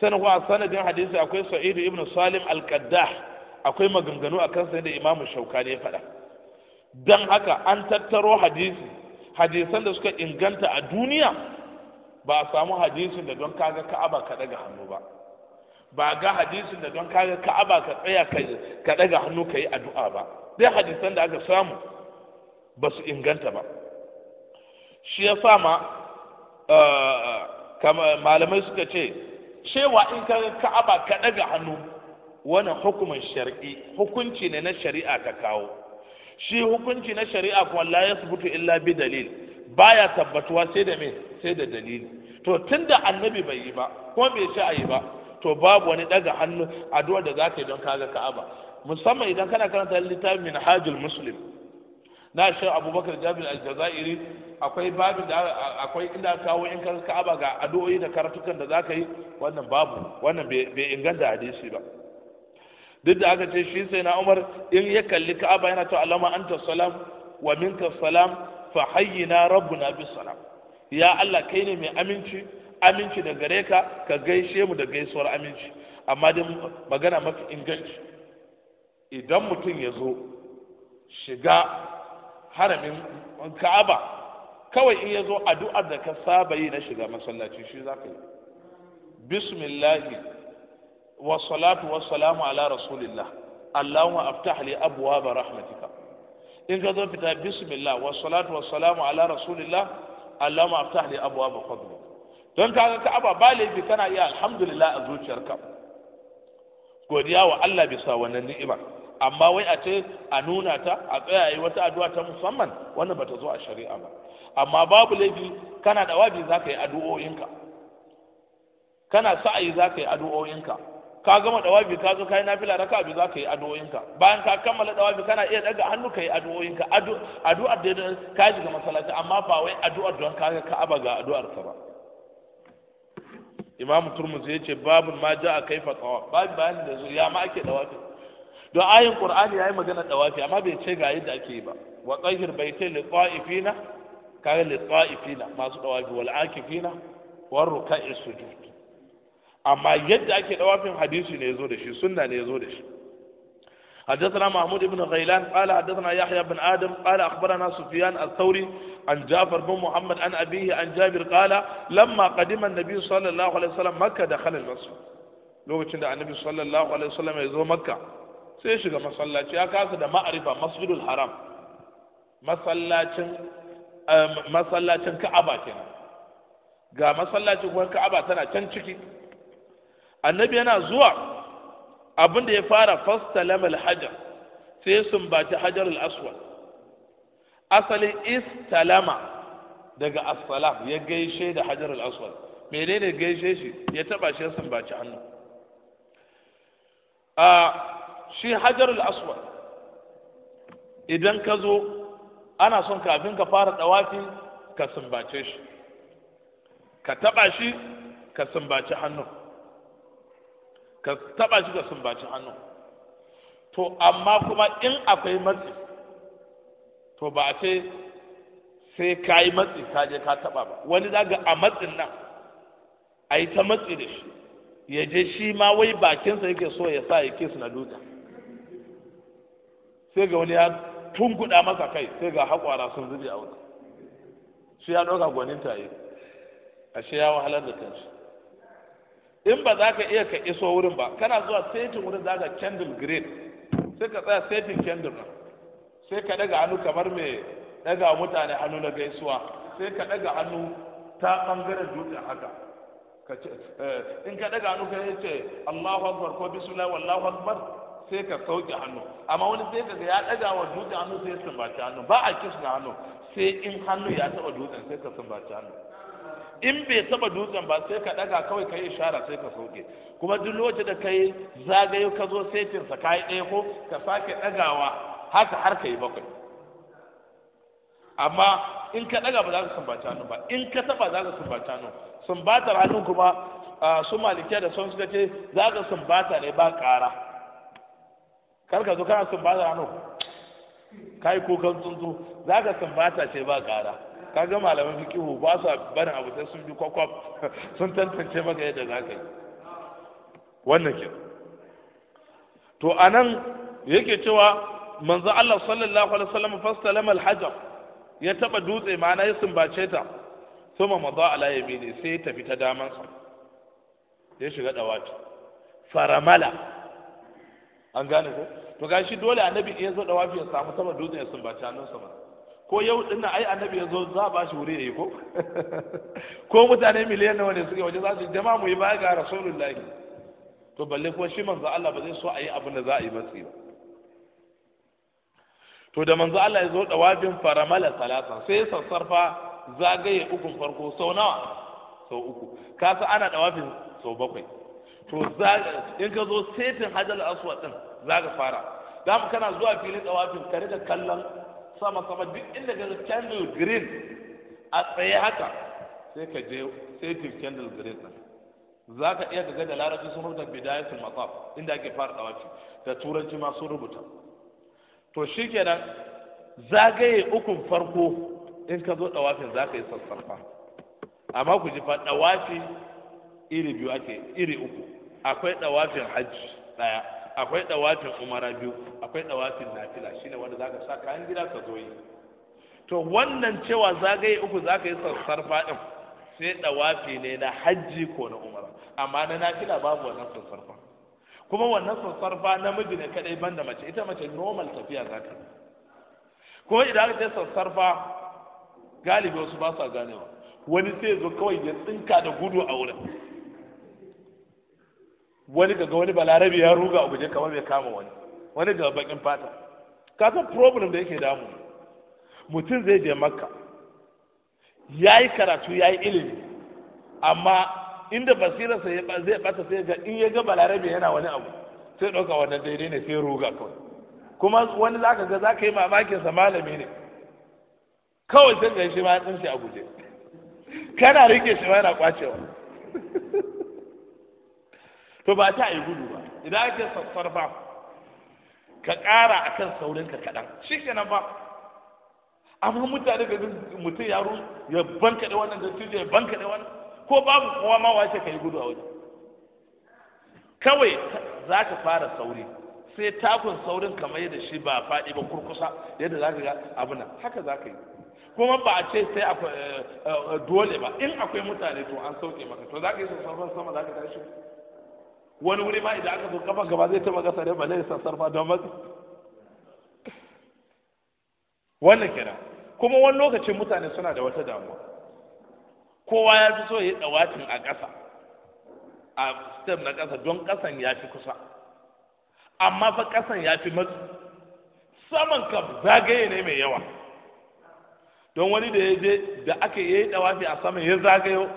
sanin kuwa sanadin hadisi akwai sa'idu ibnu salim al-qaddah akwai maganganu akan sai da imamu shauka ne faɗa don haka an tattaro hadisi hadisan da suka inganta a duniya ba a samu hadisin da don kaga ka'aba ka daga hannu ba ba ga hadisin da don kaga ka'aba ka tsaya ka daga hannu ka yi addu'a ba dai hadisan da aka samu ba su inganta ba shi ya sa ma eh, eh, malamai suka ce cewa in ka ka'aba ka daga hannu wani hukumin shari'i hukunci ne na shari'a ka kawo shi hukunci na shari'a kuma la subutu illa bi dalil baya tabbatuwa sai da me sai da dalili to tunda annabi bai yi ba kuma bai ce a yi ba to babu wani daga hannu addu'ar da zaka yi don kaga ka'aba musamman idan kana karanta littafin min muslim na shi abubakar jabir aljazairi akwai babin da akwai inda kawo in ka ka'aba ga addu'o'i da karatukan da zaka yi wannan babu wannan bai inganta hadisi ba duk da aka ce shi sai na umar in ya kalli ka'aba yana to alama anta salam wa minka salam fa hayyina rabbuna bis salam ya Allah kai ne mai aminci aminci da gare ka ka gaishe mu da gaisuwar aminci amma dai magana mafi inganci idan mutum ya zo shiga haramin ka'aba kawai in ya zo addu'ar da ka saba yi na shiga masallaci shi za ka yi bismillahi wa salatu wa salamu ala rasulillah allahumma aftah li abwaaba rahmatika in ka zo fita bismillah wa salatu wa salamu ala rasulillah allahumma aftah li abwaaba fadlika don ka aba ba laifi kana iya alhamdulillah a zuciyarka godiya wa Allah bisa wannan ni'ima amma wai a ce a nuna ta a tsaya yi wata addu'a ta musamman wannan bata zo a shari'a ba amma babu laifi kana da wabi za ka yi addu'o'inka kana sa'ayi za ka yi addu'o'inka ka gama dawabi ka zo kai nafila raka bi za ka yi addu'o'inka bayan ka kammala dawabi kana iya daga hannu ka yi addu'o'inka addu'ar da ka ji ga masallaci amma ba wai addu'ar don ka ga ka'aba ga addu'ar ka ba imam turmuzi ya ce babu ma ja a kaifa tsawa babu bayanin da zuwa ya ma ake dawafi don ayin qur'ani yayi magana dawafi amma bai ce ga yadda ake yi ba wa tsahir baitai li qa'ifina kaga li qa'ifina masu dawafi wal akifina war ruka'i sujud amma yadda ake dawafin hadisi ne yazo da shi sunna ne yazo da shi حدثنا محمود بن غيلان قال حدثنا يحيى بن آدم قال أخبرنا سفيان الثوري عن جعفر بن محمد عن أبيه عن جابر قال لما قدم النبي صلى الله عليه وسلم مكة دخل المسجد lokacin da annabi sallallahu alaihi wasallam ya zo makka sai shiga masallaci ya kasa da ma'arifa masjidul haram masallacin ka'aba ga masallacin kuma ka'aba tana can ciki annabi yana zuwa abin da ya fara fasta lamal sai ya sumbaci hajarul aswad asalin istalama daga assalam ya gaishe da hajar al-aswad menene gaishe shi ya taba shi ya sumbaci hannu a shi hajar al idan ka zo ana son kafin ka fara dawafi ka sumbace shi ka taba shi ka sumbace hannu ka taba shi ka sumbace hannu to amma kuma in akwai matsi to ba a ce sai ka yi matsi ka je ka taba ba wani daga a matsin nan a yi ta matsi da shi ya je shi ma wai bakinsa yake so ya sa ya su na duka sai ga wani ya tunkuɗa masa kai sai ga haƙwara sun zube a wuta shi ya ɗauka gwanin a shi ya wahalar da kanshi in ba za ka iya ka iso wurin ba kana zuwa setin wurin za ka candle grade sai ka tsaya setin candle sai ka daga hannu kamar mai daga mutane hannu na gaisuwa sai ka daga hannu ta bangaren dutsen haka eh, in ka daga hannu ka ce Allahu akbar ko bismillah wallahu akbar sai ka sauke hannu amma wani sai ka ya daga wa dutsen hannu sai ya sumbaci hannu ba a na hannu sai in hannu ya taba dutsen sai ka sumbaci hannu in bai taba dutsen ba sai ka daga kawai ka yi ishara sai ka sauke kuma duk lokacin da ka yi zagayo ka zo setinsa ka yi ɗaya ko ka sake ɗagawa haka har ka yi bakwai amma in ka daga ba za ka sumbata hannu ba in ka taba za ka sumbata hannu sumbatar hannun kuma su malike da sun suka ce za ka sumbata ne ba ƙara kar ka zo kana sumbatar hannu ka yi kukan tsuntsu za ka sumbata ce ba ƙara ka ga malamin fikihu ba su barin abu sai sun bi kwakwaf sun tantance maka yadda za ka yi wannan ke to anan yake cewa manzo Allah sallallahu alaihi wasallam fastalama al-hajar ya taba dutse ma'ana ya sumbace ta thumma mada ala yamini sai ya tafi ta daman sa ya shiga dawaki faramala an gane ko to gashi dole annabi ya zo dawafi ya samu sama dutse ya sumbace nan sama. ko yau din ai annabi ya zo za ba shi wuri yayi ko ko mutane miliyan nawa ne suke waje za su jama'a mu yi baya ga rasulullahi to balle kuma shi manzo Allah ba zai so a yi abin da za a yi matsi ba to da manzo Allah ya zo da wajin faramala salasa sai sassarfa zagaye ukun farko sau nawa sau uku kasa ana da wafin sau bakwai to in ka zo setin hajjal aswa din zaga fara dama kana zuwa filin tsawafin ka riga kallon sama sama duk inda ga candle green a tsaye haka sai ka je setin candle green din za ka iya ga da larabci sun rubuta bidayatul mataf inda ake fara tsawafi da turanci ma sun rubuta to shi kenan zagaye ukun farko in ka zo ɗawafin za ka yi sassarfa amma ku ji fa ɗawafi iri biyu ake iri uku akwai ɗawafin hajji ɗaya akwai ɗawafin umara biyu akwai ɗawafin nafila shine wanda za ka sa kayan gida ka zo yi to wannan cewa zagaye uku za ka yi sassarfa ɗin sai ɗawafi ne na hajji ko na umara amma na nafila babu wannan sassarfa kuma wannan sassar ba namiji ne kadai ban da mace ita mace normal tafiya za ta kuma idan aka ce sassar ba galibi wasu ba sa ganewa wani sai zo kawai ya tsinka da gudu a wurin wani ga wani balarabe ya ruga a guje kamar bai kama wani wani ga bakin fata ka san problem da yake damu mutum zai je makka ya yi karatu ya yi ilimi amma inda basirarsa zai bata sai ga in ya ga balarabe yana wani abu sai ɗauka wannan daidai ne sai ruga kawai kuma wani zaka ga zaka yi mamakin sa malami ne kawai sai ga shi ma ya tsinci a guje kana rike shi ma yana kwacewa to ba ta yi gudu ba idan ake ba ka ƙara akan saurinka kaɗan shi kenan ba amma mutane ga mutum ya bankaɗe wannan da ya bankaɗe wannan ko babu kowa ma ce ka yi gudu a wajen kawai za ka fara sauri sai takun saurin kamar yadda shi ba faɗi ba kurkusa yadda za ka ga abuna haka za ka yi kuma ba a ce sai eh, eh, eh, dole ba in akwai mutane to an sauke maka to za ka yi sassarfar sama za ka tashi wani wuri ma idan aka zo kafa gaba zai taba gasa ne ba zai sassarfa don mazi wannan kenan kuma wani lokacin mutane suna da wata damuwa kowa ya fi so ya yi ɗawacin a ƙasa a step na ƙasa don ƙasan ya fi kusa amma fa ƙasan ya fi matsu saman ka zagaye ne mai yawa don wani da ya je da aka yi ɗawafi a saman ya zagayo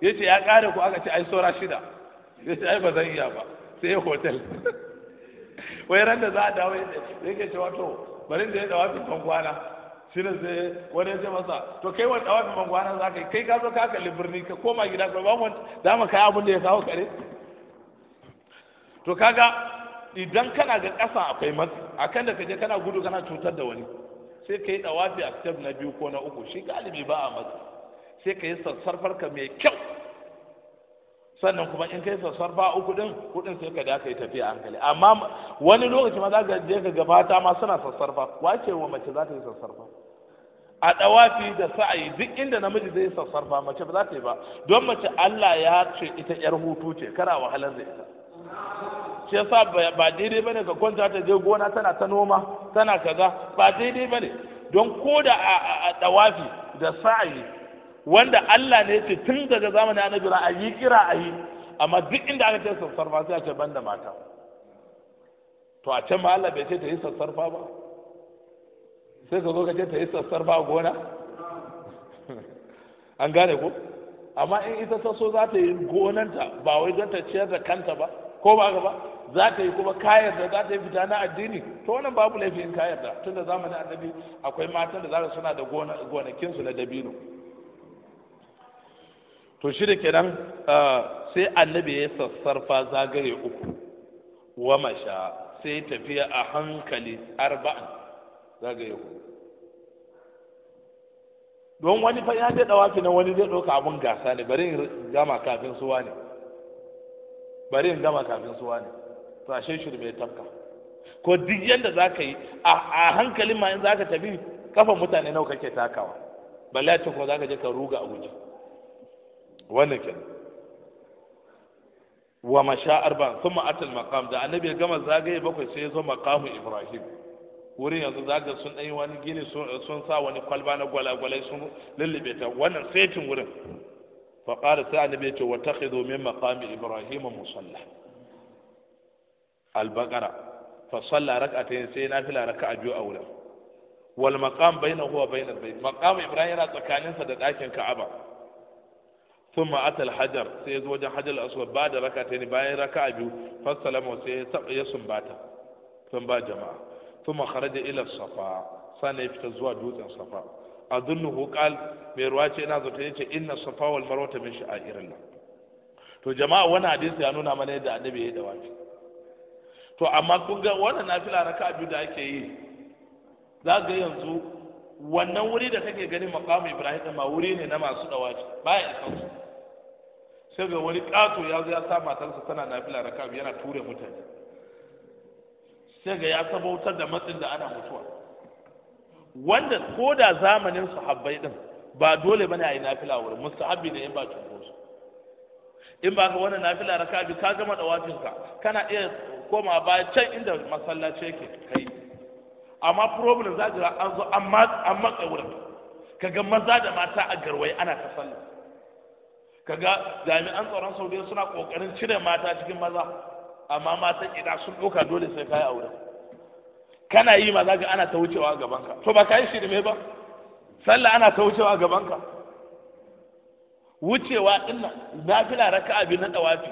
ya ce ya ƙare ko aka ce ai saura shida ya ce ai ba zan iya ba sai ya hotel wai ran da za a dawo ya ce ya ce wato bari da ya ɗawafi kan kwana shi ne sai wani ya ce masa to kai wani ɗawa mai za ka yi kai ka zo ka kalli birni ka koma gida ka ban wani dama kai abin da ya kawo kare to kaga idan kana ga ƙasa akwai a kan da ka je kana gudu kana cutar da wani sai ka yi ɗawafi a step na biyu ko na uku shi galibi ba a matsi sai ka yi sassarfarka ka mai kyau sannan kuma in kai sassar ba uku din kudin sai ka da ka yi tafiya hankali amma wani lokaci ma za ka je ka gabata ma suna sassar ba wace wa mace za ta yi sassar ba a dawafi da sa'ayi duk inda namiji zai sassar ba mace ba za ta yi ba don mace Allah ya ce ita yar hutu ce kara wahalar da ita shi yasa ba daidai bane ka kwanta ta je gona tana ta noma tana kaza ba daidai bane don ko da a dawafi da sa'ayi wanda Allah ne ce tun daga zamanin annabi kira ayi, amma duk inda aka ce sassarfa sai a ce banda mata to a can ma Allah bai ce ta yi sassarfa ba sai ka zo ka ce ta yi sassarfa gona an gane ko amma in ita ta so za ta yi gonanta ba wai don ta ciyar da kanta ba ko ba ba za ta yi kuma kayar da za ta yi fita na addini to wannan babu laifin kayar da tunda zamanin annabi akwai matan da za su suna da gonakinsu na dabino to shi da kenan sai annabi ya sassarfa zagaye uku wa masha sai tafiya a hankali arba'an zagaye uku don wani fa ya daɗa wafi na wani zai ɗauka abin gasa ne bari in gama kafin suwa ne bari in gama kafin suwa ne to ashe shirme tafka ko duk yadda za ka yi a hankalin ma in za ka tafi kafa mutane nawa kake takawa balle a ko za ka je ka ruga a wujen wannan ke wa masha arba sun atal maqam da annabi gama zagaye bakwai sai ya zo maqamu ibrahim wurin yanzu zaga sun dai wani gini sun sa wani kwalba na gwalagwalai sun lullube ta wannan setin wurin fa qala sai annabi ce wa takhidhu min maqami ibrahim musalla al-baqara fa salla rak'atayn sai nafila raka'a biyu a wurin wal maqam bainahu wa bainal bayt maqam ibrahim yana tsakaninsa da dakin ka'aba sun ma'atal hajar sai ya zo wajen hajar aswad ba da raka ta ne bayan raka a biyu fassalama sai ya sumbata sun ba jama'a sun ma kharaja ila safa sana ya fita zuwa dutsen safa a dunnu hukal mai ruwa ce ina zata yace inna safa wal marwa ta min sha'irillah to jama'a wani hadisi ya nuna mana yadda annabi ya dawafi to amma kun ga wannan nafila raka biyu da ake yi za ga yanzu wannan wuri da kake gani makamu ibrahim ma wuri ne na masu dawaci baya isa su sai ga wani kato ya zo ya sa matarsa tana nafila kabi yana ture mutane sai ga ya sabautar da matsin da ana mutuwa wanda ko da zamanin sahabbai din ba dole bane a yi nafila wurin mustahabbi ne in ba cunkoso in ba ka wannan nafila raka kabi ka gama dawacin ka kana iya koma baya can inda masallaci yake kai amma problem za jira an zo an matsa wurin kaga maza da mata a garwai ana ta sallah kaga jami'an tsaron saudiya suna kokarin cire mata cikin maza amma mata ina sun ɗauka dole sai kayi aure kana yi ma za ga ana ta wucewa a gabanka to ba ka yi shirme ba sallah ana ta wucewa a gabanka wucewa ina nafila raka'a biyu na tawafi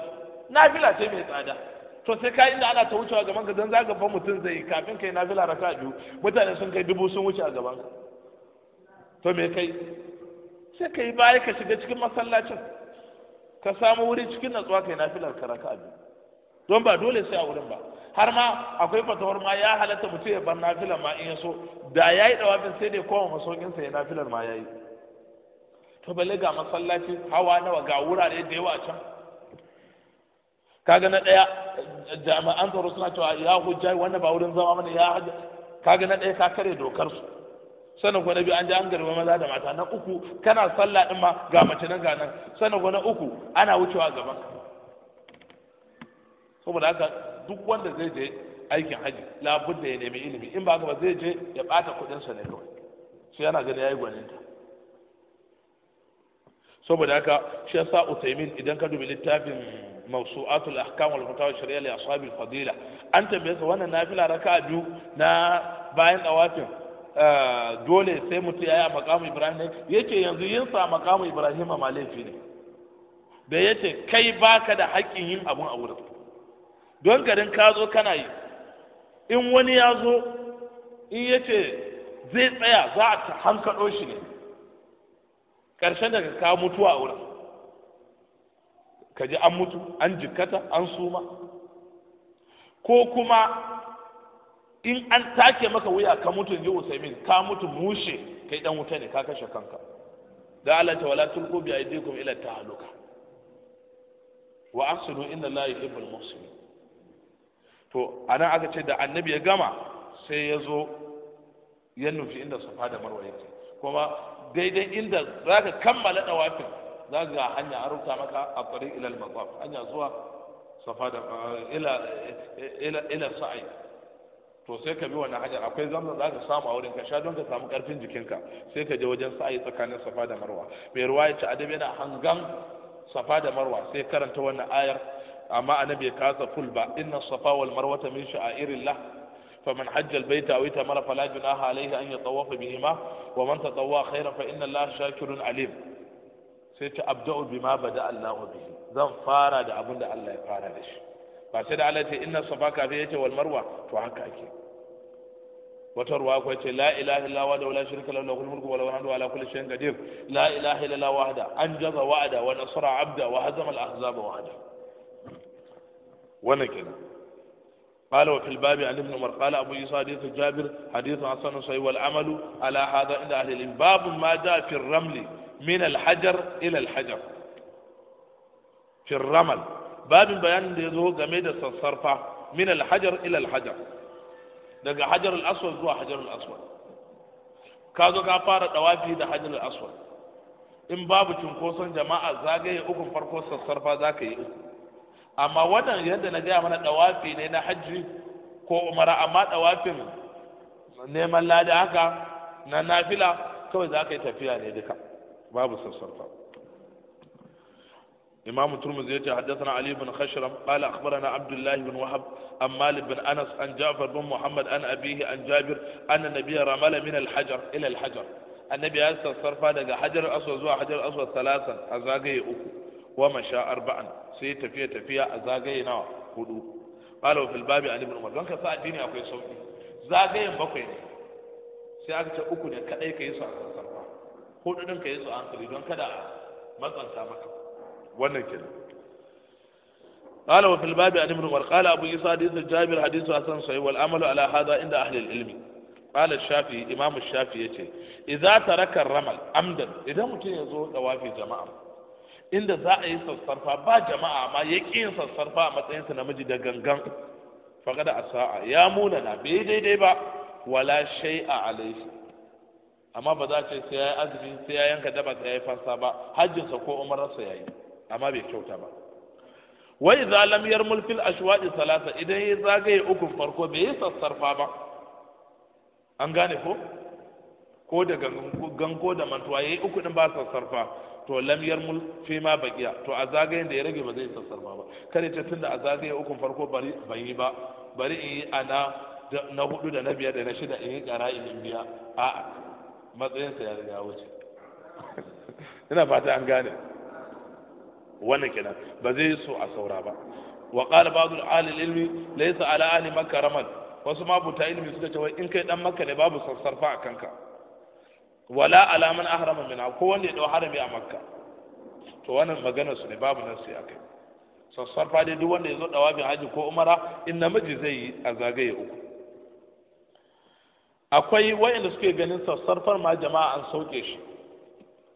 nafila ce mai tsada to sai ka inda ana ta wucewa gaban ka don za mutum zai kafin kai nafila raka biyu mutane sun kai dubu sun wuce a gaban ka to me kai sai kai baya ka shiga cikin masallacin ka samu wuri cikin natsuwa kai nafilar ka raka biyu don ba dole sai a wurin ba har ma akwai fatawar ma ya halatta mutum ya bar nafilar ma in ya so da ya yi dawafin sai dai kowa masaukinsa ya nafilar ma ya yi to balle ga masallaci hawa nawa ga wurare da yawa can kaga na ɗaya jami'an tsaro suna cewa ya hujja wanda ba wurin zama mana ya hajja kaga na ɗaya ka kare dokar su sannan ko na biyu an ji an garba maza da mata na uku kana sallah din ma ga mace nan ga nan sannan ko na uku ana wucewa gaban saboda haka duk wanda zai je aikin haji labudda ya nemi ilimi in ba ba zai je ya bata kudin sa ne kawai sai yana gani yayi gwaninta saboda haka shi yasa Usaimin idan ka dubi littafin موسوعات الاحكام والفتاوى الشرعيه لاصحاب الفضيله an tambaye su wannan nafila raka'a biyu na bayan dawafin eh, dole sai mutum ya yi a makamu ibrahim ne yake yanzu yin sa a makamu ibrahim a laifi ne da yace kai baka da haƙƙin yin abun a wurin don garin ka zo kana yi in wani ya zo in yace zai tsaya za a hankaɗo shi ne ƙarshen daga ka mutuwa a wurin ka ji an mutu an jikkata an suma ko kuma in an take maka wuya ka mutu ji usaimin ka mutu mushe kai dan wuta ne ka kashe kanka da Allah ta wala tulqu bi aydikum ila ta'aluka wa ahsinu inna la yuhibbul muhsinin to anan aka ce da annabi ya gama sai ya zo ya nufi inda safa da marwa yake kuma daidai inda zaka kammala dawafin za ga hanya a rubuta maka a tsari ilal matsaf hanya zuwa safa da eh, eh, ila sa'i to sai ka bi wannan hanyar akwai zamzam za ka samu a wurin ka sha don ka samu karfin jikinka sai ka je wajen sa'i tsakanin safa da marwa mai ruwa ya ci adabi yana hangan safa da marwa sai karanta wannan ayar amma annabi ya kasa ful ba inna safa wal marwata min sha'irillah فمن حج البيت أو اعتمر فلا جناح عليه أن يطوف بهما ومن تطوع خيرا فإن الله شاكر عليم sai ta abda'u bima bada Allah wa bihi zan fara da abin da Allah ya fara da shi ba sai da Allah ce inna safa kafi yace wal marwa to haka ake wata ruwa ko ce la ilaha illa wa la sharika lahu lahul mulku wa lahul hamdu ala kulli shay'in qadir la ilaha illa wahda anjaza wa'ada, wa nasara 'abda wa hazama al ahzaba wahda wannan kenan قال وفي الباب عن ابن عمر قال ابو عيسى حديث جابر حديث حسن صحيح والعمل على هذا عند اهل الباب ما جاء في الرمل min alhajar ila alhajar fi babin bayanin da ya zo game da sassarfa min alhajar ila alhajar daga hajar al zuwa hajar al ka zo ka fara dawafi da hajar al in babu cunkoson jama'a zagaya uku farko sassarfa za ka yi amma yadda na gaya mana dawafi ne na hajji ko umara amma dawafin neman lada haka na nafila kawai za ka yi tafiya ne duka باب السرطان إمام الترمذي حدثنا علي بن خشرم قال أخبرنا عبد الله بن وهب أم مالك بن أنس عن جعفر بن محمد عن أبيه عن جابر أن النبي رمل من الحجر إلى الحجر النبي أسأل صرفا لقى حجر الأسود زوى حجر الأسود ثلاثا أزاقي أكو ومشى أربعا سي فيه تفيا أزاقي نوع قدو قال في الباب علي بن عمر كيف أديني أكو يسوني زاقي بقيني سيأكل أكو يكأيك يسوني hudu ka yi su hankali don kada matsanta maka wannan kenan قال وفي الباب عن ابن عمر قال ابو عيسى حديث جابر حديث حسن صحيح والعمل على هذا عند اهل العلم قال الشافعي امام الشافعي yace idza taraka ar-ramal amdan idan mutum yazo dawafi jama'a inda za a yi sassarfa ba jama'a ma ya yin sassarfa a matsayin sa namiji da gangan faqada asa'a ya muna na bai daidai ba wala a alaihi amma ba za a ce sai ya yi azumi sai ya yanka daba sai ya yi fansa ba hajjinsa ko umararsa ya yi amma bai kyauta ba wai za lamiyar yarmul fil ashwaqi salasa idan ya zagaye uku farko bai yi sassarfa ba an gane ko ko da ganko da mantuwa ya yi uku din ba sassarfa to lam'iyar yarmul ma ma baqiya to a zagayen da ya rage ba zai sassarfa ba kare ta tunda a zagaye uku farko ban yi ba bari in yi ana na hudu da na biyar da na shida in yi ƙara in biya a'a matsayinsa ya riga wuce ina fata an gane wannan kenan ba zai yi so a saura ba wa qala ba'dul alil ilmi laysa ala ahli makka ramal wasu mabuta ilmi suka ce wai in kai dan makka ne babu sassarfa a kanka wala ala man ahrama min ko wanda ya dau harami a makka to wannan maganar su ne babu nan sai akai sassarfa dai duk wanda ya zo dawafin haji ko umara in namiji zai yi a zagaye uku akwai wayanda suke ganin sassarfar ma jama'a an sauke shi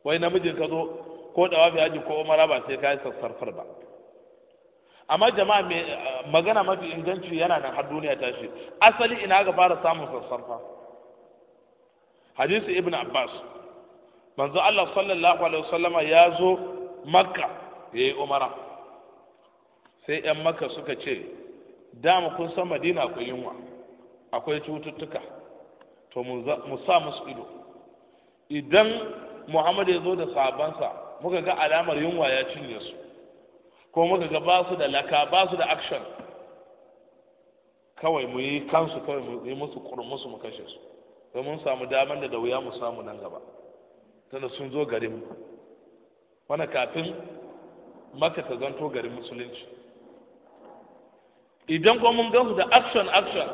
wai namijin ka zo ko da wafi haji ko umara ba sai ka yi sassarfar ba amma jama'a mai eh, magana mafi inganci yana nan har duniya ta shi asali ina ga fara samun sassarfa hadisi ibn abbas manzo Allah sallallahu alaihi wasallama ya zo makka yayi umara sai yan makka suka ce dama kun san madina akwai yunwa akwai cututtuka to mu sa musu ido idan muhammad ya zo da sabansa muka ga alamar yunwa ya cinye su ko muka ga ba su da laka ba su da action kawai mu yi kansu kawai mu yi musu musu mu kashe su mun samu damar da da wuya mu samu nan gaba Tana sun zo garin mu wani kafin maka ta zanto garin musulunci idan kuma mun gansu da action action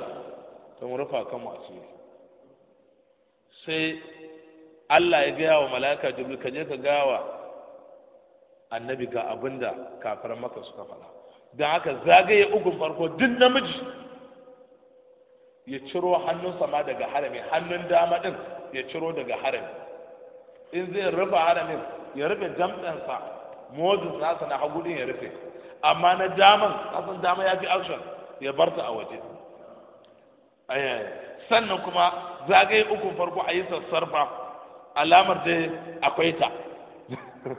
to mu rufa kanmu asiri sai Allah ya gaya wa mala'ika jibril ka je ka gawa annabi ga abinda kafiran maka suka fara don haka zagaye ugun farko duk namiji ya ciro hannun sama daga harami hannun dama din ya ciro daga harami in zai rufe haramin ya rufe jam'insa mozin nasa na hagu ya rufe amma na daman kasan dama ya fi action ya barta a waje ayaye sannan kuma zagaye uku farko a yi sassarfa alamar da akwai ta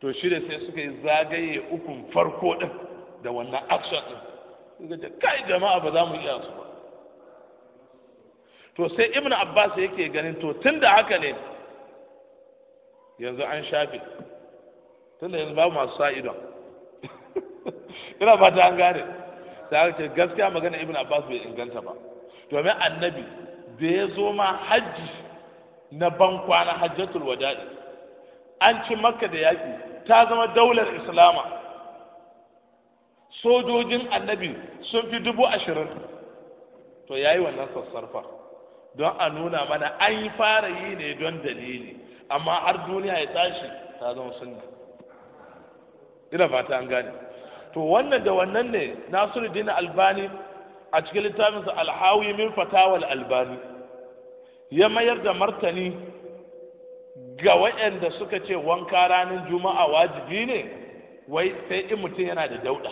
to shi da sai suka yi zagaye ukun farko din da wannan action din suka ce kai jama'a ba za mu iya su ba to sai ibnu abbas yake ganin to tun da haka ne yanzu an shafe tun da yanzu babu masu sa idon ina fata an gane ta ce gaskiya magana ibnu abbas bai inganta ba domin annabi da ya zo ma hajji na na hajjatul wadadi an ci makka da yaƙi ta zama daular islama sojojin annabi sun fi dubu ashirin to ya yi wannan sassarfa don a nuna mana an yi fara yi ne don dalili amma har duniya ya tashi ta zama sunna ina fata an gane to wannan da wannan ne Nasiru dina albani a cikin littafinsa alhawi min fatawal albani ya mayar da martani ga waɗanda suka ce wanka ranar juma'a wajibi ne wai sai in mutum yana da dauda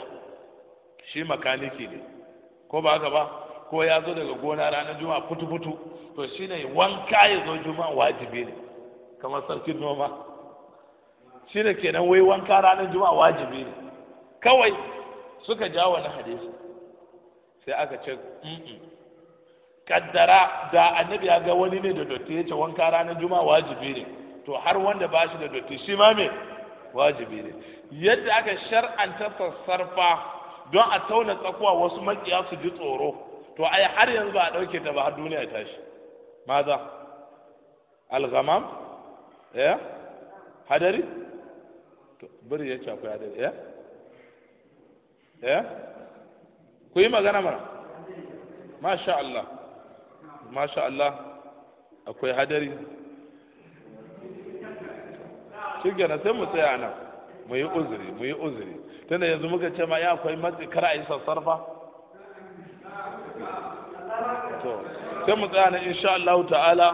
shi makaniki ne ko ba haka ba ko ya zo daga gona ranar juma'a futu-futu to shi ne wanka ya zo juma'a wajibi ne kamar sarkin noma shi ne kenan wai wanka ranar juma'a wajibi ne kawai suka ja wani hadisi sai aka ce kaddara da annabi ya ga wani ne da dotti ya ce wanka ranar juma'a wajibi ne to har wanda ba shi da dotti shi ma me wajibi ne yadda aka shar'anta sassarfa don a tauna tsakuwa wasu makiya su ji tsoro to ai har yanzu ba a ɗauke ta ba har duniya ta shi maza alghamam ya eh? hadari to bari ya ce akwai hadari ya eh? ya eh? ku yi magana mara masha Allah masha Allah akwai hadari shi gana sai mu tsaya nan mu yi uzuri mu yi uzuri tana yanzu muka ce ma ya akwai matsi kar a yi sassarfa to sai mu tsaya nan insha Allah ta'ala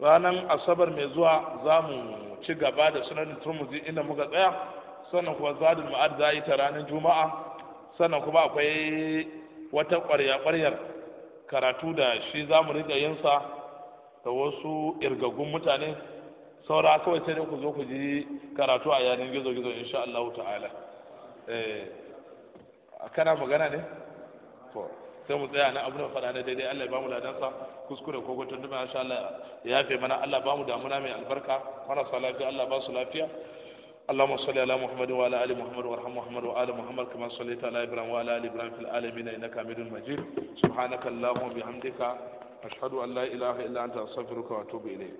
ranar asabar mai zuwa za mu ci gaba da sunanin turmuzi inda muka tsaya sannan kuwa zadin ma'ad za yi ta ranar juma'a sannan kuma akwai wata ƙwarya-ƙwaryar karatu da shi za mu riƙa yinsa da wasu irgagun mutane saura kawai sai dai ku zo ku ji karatu a yanin gizo-gizo insha Allah ta'ala a eh, kana magana ne? sai mu tsaya na abu da faɗa na daidai Allah ya bamu ladansa kuskure ko gutun duma insha Allah ya yafe mana Allah bamu damuna mai albarka marasa lafiya Allah ba su lafiya اللهم صل على محمد وعلى ال محمد وارحم محمد وعلى محمد كما صليت على ابراهيم وعلى ال ابراهيم في العالمين انك حميد مجيد سبحانك اللهم وبحمدك اشهد ان لا اله الا انت استغفرك واتوب اليك